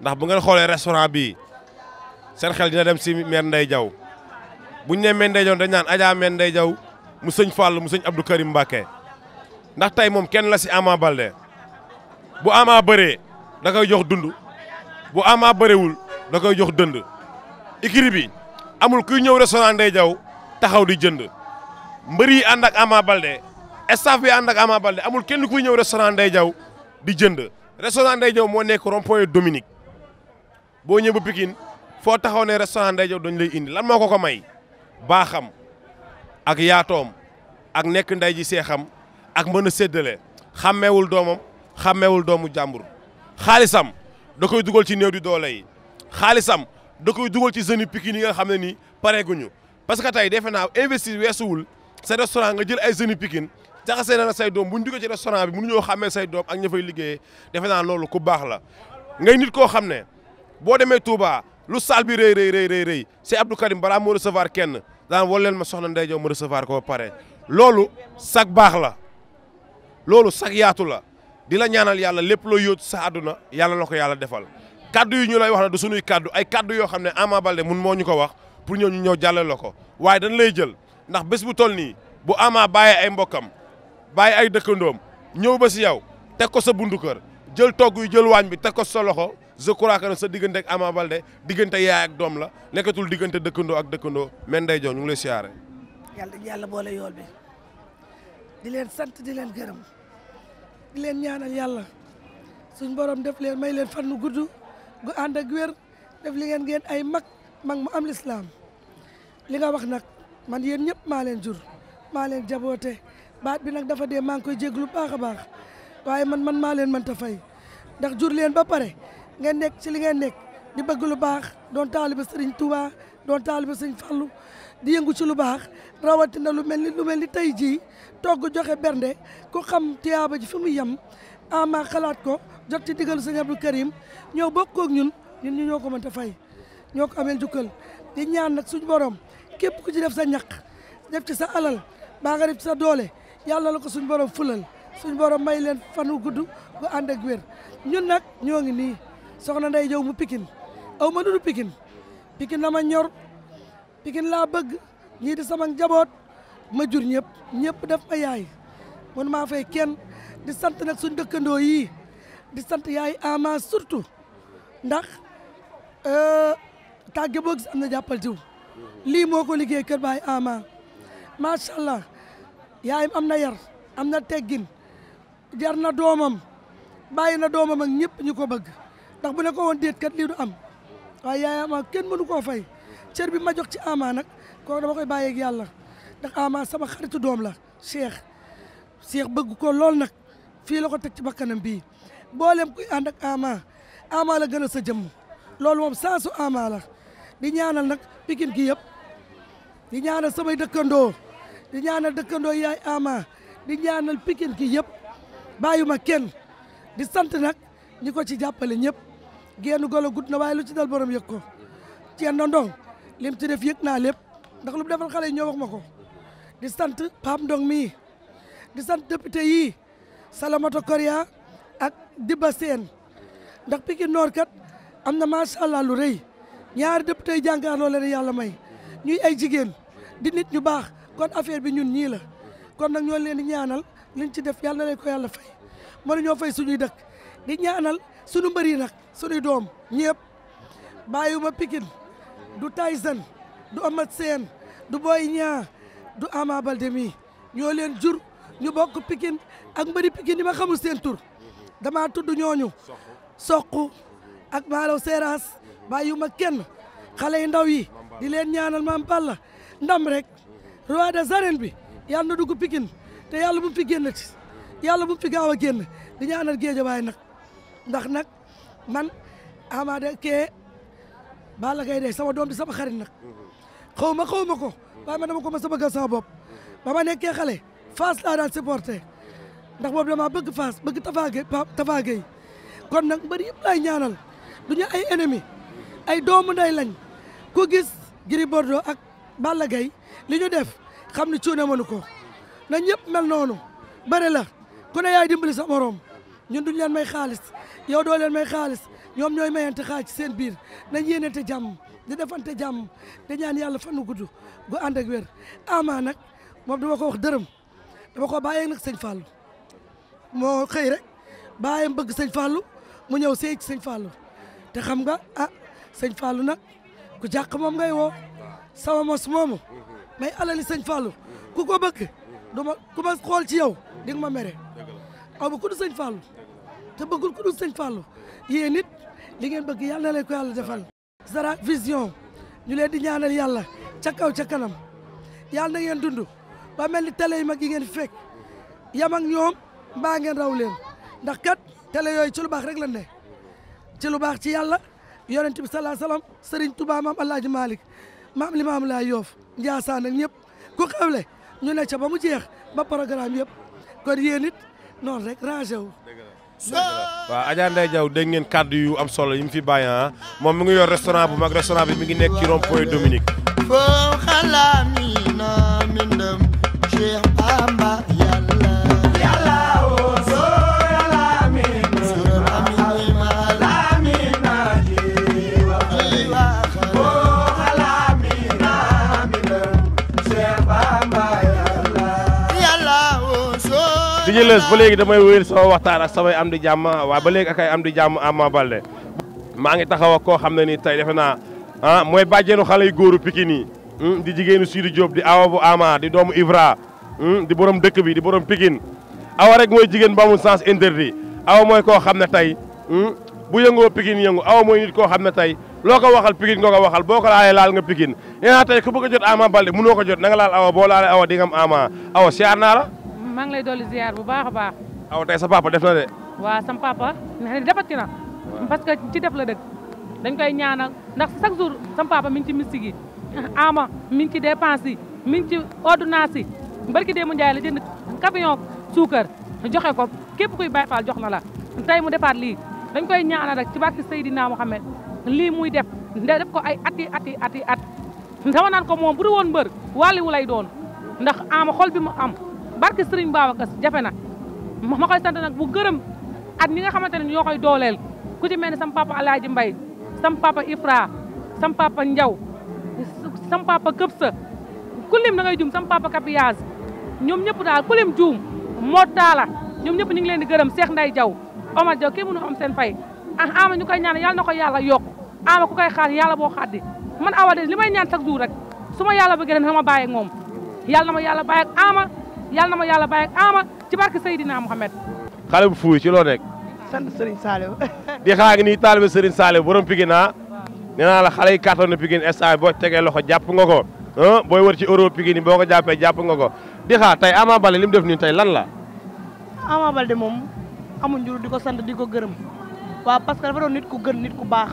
ndax bu ngeen xoolee restaurant bii seen xel dina dem si mère Ndeye Diaw bu ñu nee mère Ndeye Diaw dañ naan Adja mère Ndeye mu sëñ Fall mu sëñ Abdou Karim Mbacké ndax tey moom kenn la si Ama Baldé bu Ama bëree da koy jox dund bu Ama bëreewul da koy jox dënd ikiri bi amul kuy ñëw restaurant Ndeye Diaw taxaw di jënd mbër yi ànd ak Ama Baldé staff bi ànd ak Ama amul kenn kuy ñëw restaurant Ndeye Diaw di jënd restaurant Ndeye Diaw moo nekk rond point Dominique boo ñëw ba foo taxaw ne restaurant Ndeye Diaw dañ lay indi lan moo ko ko may baaxam ak yaatoom ak nekk ndey ji seexam ak mën a séddale xàmmeewul doomam xàmmeewul doomu jàmbur xaalisam da koy dugal ci néew di doole yi xaalisam da koy dugal ci jeunes Pikine yi nga xam ne nii pareeguñu parce que tey defe naa investir weesuwul sa restaurant nga jël ay jeunes Pikine jaxasee na la say doom bu ñu duggee ci restaurant bi mënuñoo xàmmee say doom ak ña fay liggéeyee defe naa loolu ku baax la ngay nit koo xam ne boo demee Touba lu saal bi rey rëy rëy rëy rëy si Abdou Karim balaa kenn daan wol leen ma soxna Ndeye mu ma recevoir ko ba pare loolu sak baax la loolu sag yaatu la di la ñaanal yàlla lépp loo yóotu sa àdduna yàlla la ko yàlla defal kaddu yi ñu lay wax ne du sunuy kaddu ay kaddu yoo xam ne Ama Baldé mun moo ñu ko wax pour ñëw ñu ñëw ko waaye dañ lay jël ndax bés bu toll nii bu Ama bàyyee ay mbokkam baay ay dëkkandoom ñëw ba si yow teg ko sa bundu jël togg yu jël waañ bi teg ko sa loxo je crois que sa diggante ak Ama Baldé diggante yaay ak doom la nekkatul diggante dëkkandoo ak dëkkandoo men day jox ñu ngi lay siyaare. yàlla yàlla boole yool bi di sant di leen gërëm di ñaanal yàlla suñ borom def leen may leen fan nu gudd gu ànd ak def li ngeen ngeen ay mag mag mu am lislaam li nga wax nag man yéen ñëpp maa leen jur maa leen jaboote baat bi nak dafa dee maa ngi koy jéglu baax a baax man man len man ta fay ndax jur len ba pare ngeen nek ci li ngeen nek di bëgg lu baax don talib serigne Touba don talib serigne fallu di yëngu ci lu baax rawatina lu melni lu melni tay ji togg joxe bernde ku xam tiyaba ji mu ama xalaat ko jot ci digal serigne Abdou Karim nyobok ak ñun ñun ñu ñoo ko mënta fay ñoo ko jukkal di ñaan nak suñu borom képp ku ci def sa ñak def ci sa alal ba nga def ci sa doole yalla lako ko suñ borom fulal suñ borom may len fanu guddu bu and ak wer ñun nak ñogi ni soxna nday jow mu pikin aw ma dudu pikin pikin lama ñor pikin la bëgg ñi di sama jabot ma jur ñep ñep daf ma yaay mon ma fay kenn di sant nak suñ dekkendo yi di sant yaay ama surtout ndax euh tagge gis amna jappal ci jiw lii moo ko liggéey ama macha allah yaayam am na yar am na teggin jar na doomam bàyyi na doomam ak ñepp ñuko bëgg ndax bu ne ko won deet kat li du am waaye yaayam ak kenn mënu ko fay cër bi ma jox ci ama nak ko dama koy ak yalla ndax ama sama xaritu dom la Cheikh Cheikh bëgg ko lool nak fi la ko tek ci bakkanam bi bolem kuy and ak ama ama la gëna sa jëm loolu mom saasu ama la di ñaanal nak pikin gi yëpp di ñaanal samay dekkando di ñaanal dëkkandoo yaay ama di ñaanal pikin ki yëpp bàyyuma kenn di sant nag ñi ko ci jàppale ñëpp génn golo gudd na waaye lu ci dal borom yëg ko ceen ndong lim ci def yëg naa lépp ndax lu defal xale yi ñoo wax ma ko di sant Pape Ndong mii di sant député yii Salamata Koria ak Diba Sène ndax Pikine Nord kat am na macha allah lu rëy ñaari député yi jàngaarloo leen yàlla may ñuy ay jigéen di nit ñu baax kon affaire bi ñun ñi la kon nak ñoo leen di ñaanal liñ ci def yalla na leen ko yalla fay mo ñoo fay suñu dëkk di ñaanal suñu mbër nak suñu doom ñepp bayuma Pikine du tayzan du amad sen du Boy nya du Ama baldemi ñoo leen jur ñu bokk Pikine ak mbëri Pikine yi ma xamul seen tur dama tuddu ñooñu soq ak maalaw seras bayuma kenn xalé ndaw yi di leen ñaanal maam Balla ndam rek roi des arènes bi yalla na dugg Pikine te yalla bu mu fi génnati yalla bu fi gawa genn di ñaanal géejawaay nak, ndax nak man amade ke, bala Gaye de sama dom bi sama xarit nak, xawma xawma ko ba ma dama ko ma sama bëggal sama bopp ba ma nekké xalé fas la dal supporter ndax bop dama bëgg fas bëgg tafage tafage kon nak mbër yëp lay ñaanal du ñu ay ennemi ay doomu nday lañ ko gis giri Bordeaux ak Balla li ñu def xam ni cuune mënu ko na ñëpp mel noonu bëri la ku ne yaay dimbali sa morom ñun duñ leen may xaalis yow dooleen may xaalis ñoom ñooy mayante xaaj ci seen biir nañ yéenante jàmm di defante jàmm di ñaan yàlla fanu gudd gu ànd ak wér ama nag moom dama ko wax dërëm dama ko bàyyeeg nag sëñ Fallou moo xëy rek bàyyam bëgg sëñ Fallou mu ñëw seey ci sëñ te xam nga ah sëñ Fallou nag ku jàq moom ngay woo sama mos moomu mais alal sëñ Fallou ku ko bëgg du ma ku ma xool ci yow di nga ma mere aw ma ku du sëñ Fallou te bëggul ku du sëñ Fallou yéen it li ngeen bëgg yàlla na leen ko yàlla defal Zarak Vision ñu leen di ñaanal yàlla ca kaw ca kanam yàlla na ngeen dund ba mel ni télé yi mag yi ngeen fekk yam ak ñoom mbaa ngeen raw leen ndax kat télé yooyu ci lu baax rek la ne ci lu baax ci yàlla yonent bi sallaa salaam Serigne Touba maam El Hadj Malick maam Limaamu Laay Yoof Ndiassane ak ñëpp ku xewle ñu ne ca ba mu jeex ba programme yëpp kon yéen it noonu rek rangé wu. waaw Adja Ndeye Diaw dégg ngeen kàddu yu am solo yi mu fi bàyyi ah. moom mu ngi yor restaurant bu mag restaurant bi mi ngi nekk ci rond point Dominique. Sidy bu ba damay wéyal sama waxtaan ak samay am di jamm wa ba léegi ak ay am di jàmm Ama balde ma ngi taxaw ko xamna ni tay defena naa ah mooy bàjjeenu xale pikini góoru di jigéenu Sidy job di awa Ama di ivra Ibra hmm, di borom dekk bi di borom Pikine awa rek moy jigéen ba mu sens interdit awa moy ko xamna tay hmm, bu yengo Pikine yengo awa moy nit ko xamna tay loko ko waxal Pikine nga waxal boko laay laal nga Pikine nee tay ku bëgg jot Ama balde mënoo ko jot nga laal awa bo laal awa di ngam Ama awa siar na la maa ngi lay dolli ziar bu baax a baax. aw tey sa papa def na de. waaw sam papa defati na. parce que ci def la dëkk. dañ koy ñaana ndax chaque jour sam mi ngi ci mystique yi. ama mi ngi ci dépense yi mi ngi ci ordonnance yi barki dee mu njaay la jënd camion suukar joxe ko képp kuy Baay Faal jox na la tey mu defaat lii dañ koy ñaanal rek ci barki Seydina Muhammad lii muy def nda def ko ay ati ati ati at dama naan ko moom bu du woon mbër wàlliwu lay doon ndax barke Serigne Babacar jafe na ma koy sant nag bu gërëm at ñi nga xamante ne ñoo koy dooleel ku ci mel ne sam papa Alaaji Mbay sam papa Ifra sam papa Njaw sam papa Këbsa ku lim da ngay juum sam papa Kapiyaas ñoom ñëpp daal ku lim juum moo taala ñoom ñëpp ñu ngi leen di gërëm seex Nday Jaw Omar Jaw kenn mënu am seen fay ah ama ñu koy ñaan yàlla na ko yàlla yokk ama ku koy xaar yàlla boo xaar di man awa de li may ñaan chaque jour rek su ma yàlla bëggee ren na ma yàlla bàyyi ak yalla nama ma yàlla bàyyi ak ama ci barke sayidina Mohamed. xale bu fuu ci lo nek sant Serigne salew di xag ni taalibe Serigne salew borom pigina ah. neena la xale carton pigine sa bo tege loxo japp nga ko boy wër ci euro Pikine boko jappé japp nga ko di xaa tay Ama Baldé lim def ni tay lan la. Ama Baldé moom amuñ jur di ko sant di ko wa parce que dafa nit ku gën nit ku bax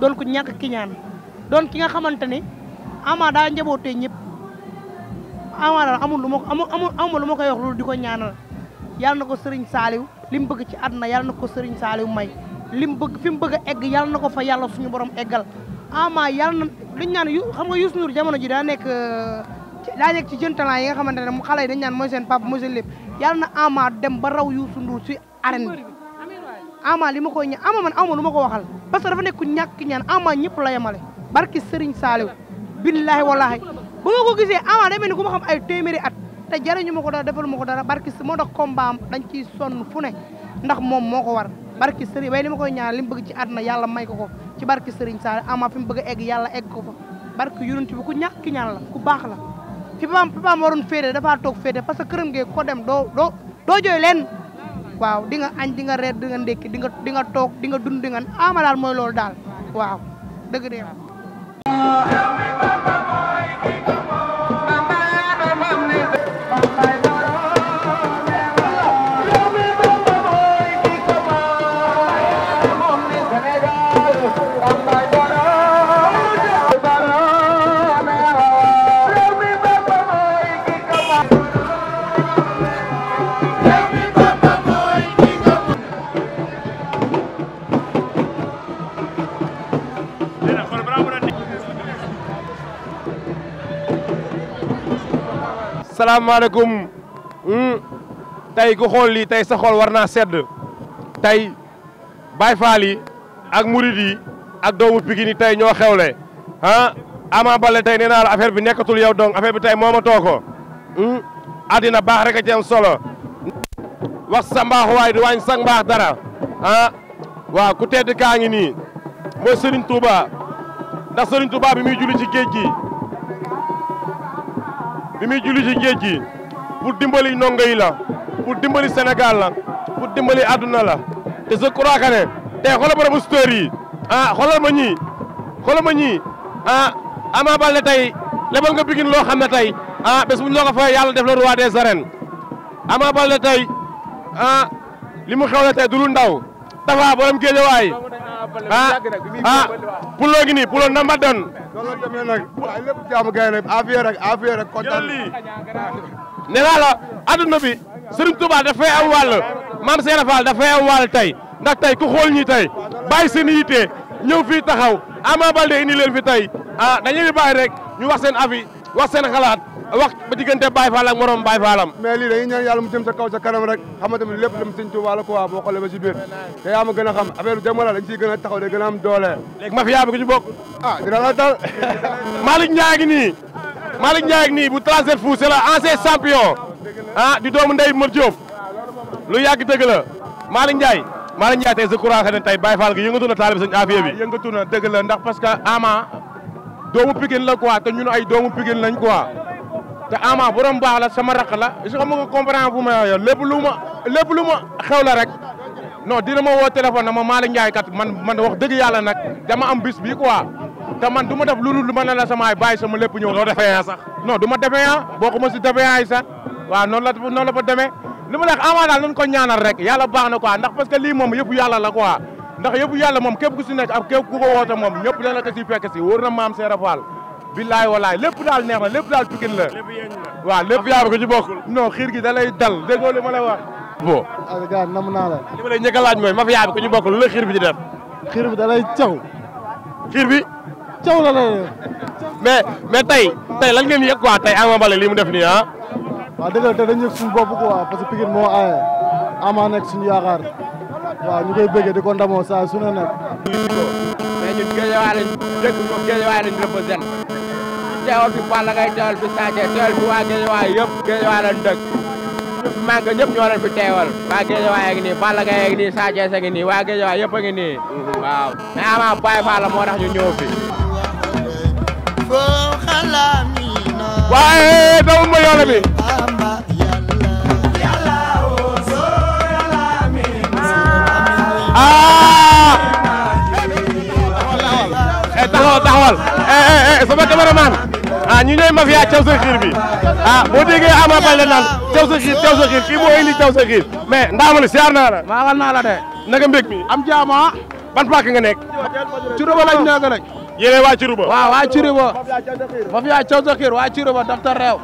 don ku ñak kiñaan don ki nga Ama da njabote amaana amul lu ma amul amul amul lu ma koy di ko ñaanal yàlla na ko sëriñ saaliw li mu bëgg ci àdduna yàlla na ko sëriñ saaliw may li mu bëgg fi egg yàlla na fa yàlla suñu borom eggal ama yàlla na dañ naan yu xam nga Youssou Ndour jamono ji daa nekk euh, daa nekk ci jeune talent yi nga xamante mu xale dañ na ama dem ba raw si Ndour ci arène bi ama li ñaan ama man ama lu ma ko waxal parce que dafa nekk ñàkk ñaan ama ñëpp la yemale barki sëriñ saaliw billahi wallahi bu ma ko gisee avant demee ni ku ma xam ay téeméeri at te jariñu ma ko dara defalu ma ko dara barki moo tax combat am dañ ciy sonn fu ne ndax moo ko war barki sëriñ waaye li ma koy ñaan li mu bëgg ci àdduna yàlla may ko ko ci barki sëriñ sa ama fi mu bëgg a egg yàlla egg ko fa barki yonent bi ku ñàkk ki ñaan la ku baax la fi papaam papaam waroon féete dafaa toog féete parce que këram gee ko dem doo doo doo jooy leen waaw di nga añ di nga reer di nga ndékki di nga di nga toog di nga dund di nga loolu daal waaw dëgg de hmm tay ku xol li tay sa xol warna sedd tay bay Faal yi ak mourid yi ak doomu pigini tay ño xewle ha Ama balle tay neena affaire bi nekatul yow dong affaire bi tay moma toko hmm adina bax rek ci am solo wax sa mbax way di wañ sa mbax dara ha, wa ku tedd kaangi ni mo Serigne Touba ndax Serigne Touba bi mi julli ci geejgi bi muy julli ci géej pour dimbali ndongo la pour dimbali Sénégal la pour dimbali àdduna la te je crois que ne tey xoolal ma rëbb suteur yi ah xoolal ma ñii xoolal ma ñii ah Ama Baldé tey lebal nga Pikine loo xam ne ah bés bu ñu la ko fay yàlla def la roi des arènes Ama Baldé tey ah li mu xewle tey du lu ndaw dafa borom géejawaay a ah, ah Pulo gi nii Pulo namba den. loolu tamit nag waaye lépp jaamu gaay rek affaire rek affaire rek kontaan. nee naa la adduna bi Serigne Touba dafay am wàll Mame Serap Fall dafay am wàll tey ndax tey ku xool ñi tey bàyyi seen yitte ñëw fii taxaw Ama Baldé indi leen fi tey ah dañuy bàyyi rek ñu wax seen avis xalaat. wax ba digënté Baye Fall ak morom Baye faalam mais li dañuy ñaan yalla mu jëm sa kaw sa kanam rek xam nga lepp lu dem sëñ Tuuba la quoi boo xoolee ba ci biir te yaama gëna xam affaire démo la dañ ci gëna taxaw de gëna am doole léegi mafia bi ku ci bok ah dina la dal malik ñaag ni malik ñaag ni bu transfer fou c'est la ancien champion ah di doomu ndey mo Diop lu yàgg deug la malik ñaay malik ñaay té je crois ne tay Baye faal gi yëngatu na talib señ Afia bi ah, yëngatu na deug la ndax parce que Ama doomu Pikine la quoi té ñun ay doomu Pikine lañ quoi te Ama borom baax la sama rakk la je xam nga comprendre bu ma waxee lépp lu ma lépp lu ma xew la rek non dina ma woo téléphone na ma Malick Ndiaye kat man man wax dëgg yàlla nag dama am bis bi quoi te man du ma def lu ma ne la samaay bàyyi sama lépp ñëw. noo defee yaa ah sax. non du ma defee yaa ah, bokkuma si defee yaa yi sax waaw fa demee li ma la daal nañu ko ñaanal rek yàlla baax na quoi ndax parce que lii moom yëpp yàlla la quoi ndax yëpp yàlla moom képp ku si moom ñëpp dana ko si fekk si wóor na maam Serap Fall billaay walaay lépp daal neex na lépp daal pikin la. waaw lépp yaa ko ci bokk. non xiir da lay dal déggoo li ma lay wax. bon. ak gars nam naa la. a laaj mooy mafia bi ku ñu bokk lu la bi di bi da lay caw. xiir bi. caw la lay def. mais mais tey tey lan ngeen yëg quoi tey Ama Baldé lii mu def nii ah. waaw dëgg la tey dañu yëg suñu bopp quoi parce que pikin moo aaye. Ama nekk suñu yaakaar. waaw ñu koy bëggee di ko ndamoo saa su ne nag. mais ñun géej teewal fi Balla Gaye teewal fi Sa Thiès teewal waa Guédiawaye yëpp Guédiawaye lañ dëkk mànga waa Guédiawaye a ngi nii Balla Gaye a ngi nii a waa Guédiawaye yëpp a ngi nii mhm. taxawal eh, eh, eh, sama cameraman a ah, ñu ñooy mafia caw sa xiir bi ah boo déggee a Baldé naan caw sa xiir caw sa xiir kii moo indi caw sa xiir mais ndaamali siyaar naa la maagal naa la de naka ah. nga nekk curuba lañ nekk rek yéen waa curuba waaw waa curuba mafia caw sa xiir waa curuba daftar réew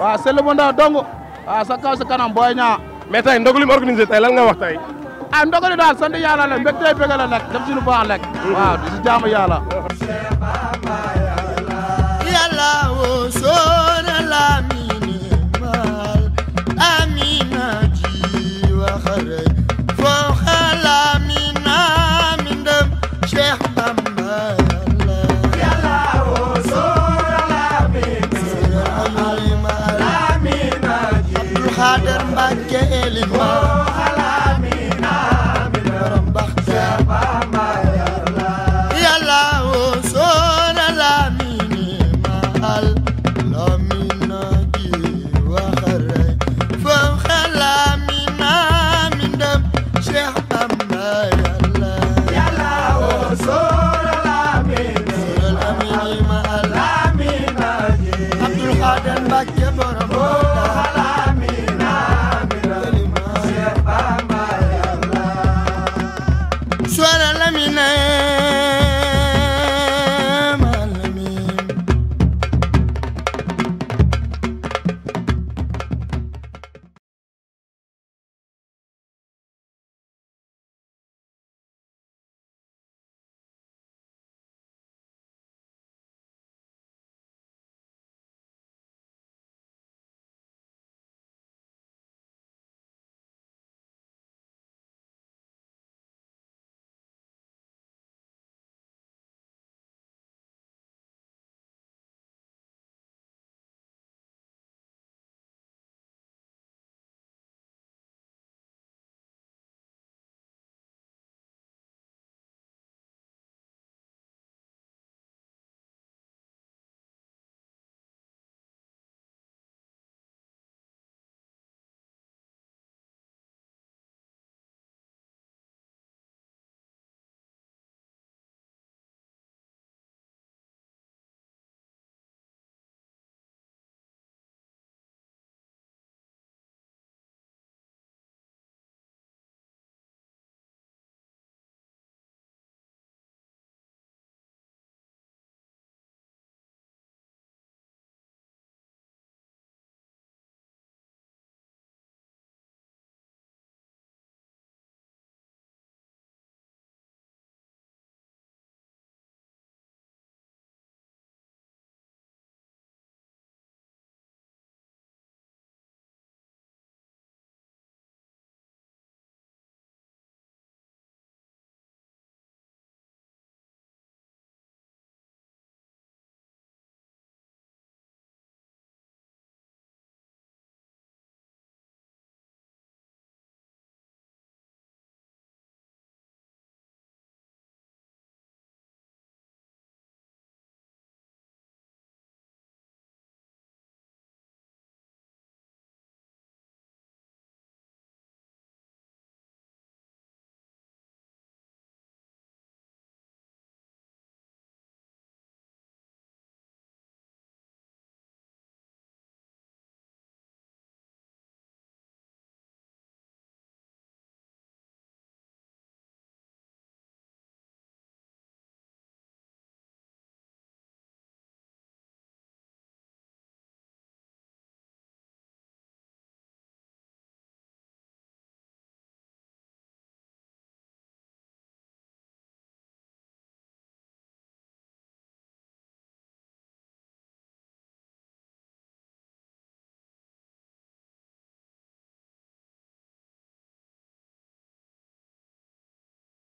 waaw sële bu ndaw dong waaw sa kaw sa kanam booy ñaa mais tey ndogu li mu organisé nga wax tey a ah, ndogu li daal sant yàlla la mbégtey bégal la nag def ci lu baax rek hmm. waaw di si jaamu yàlla bye bye.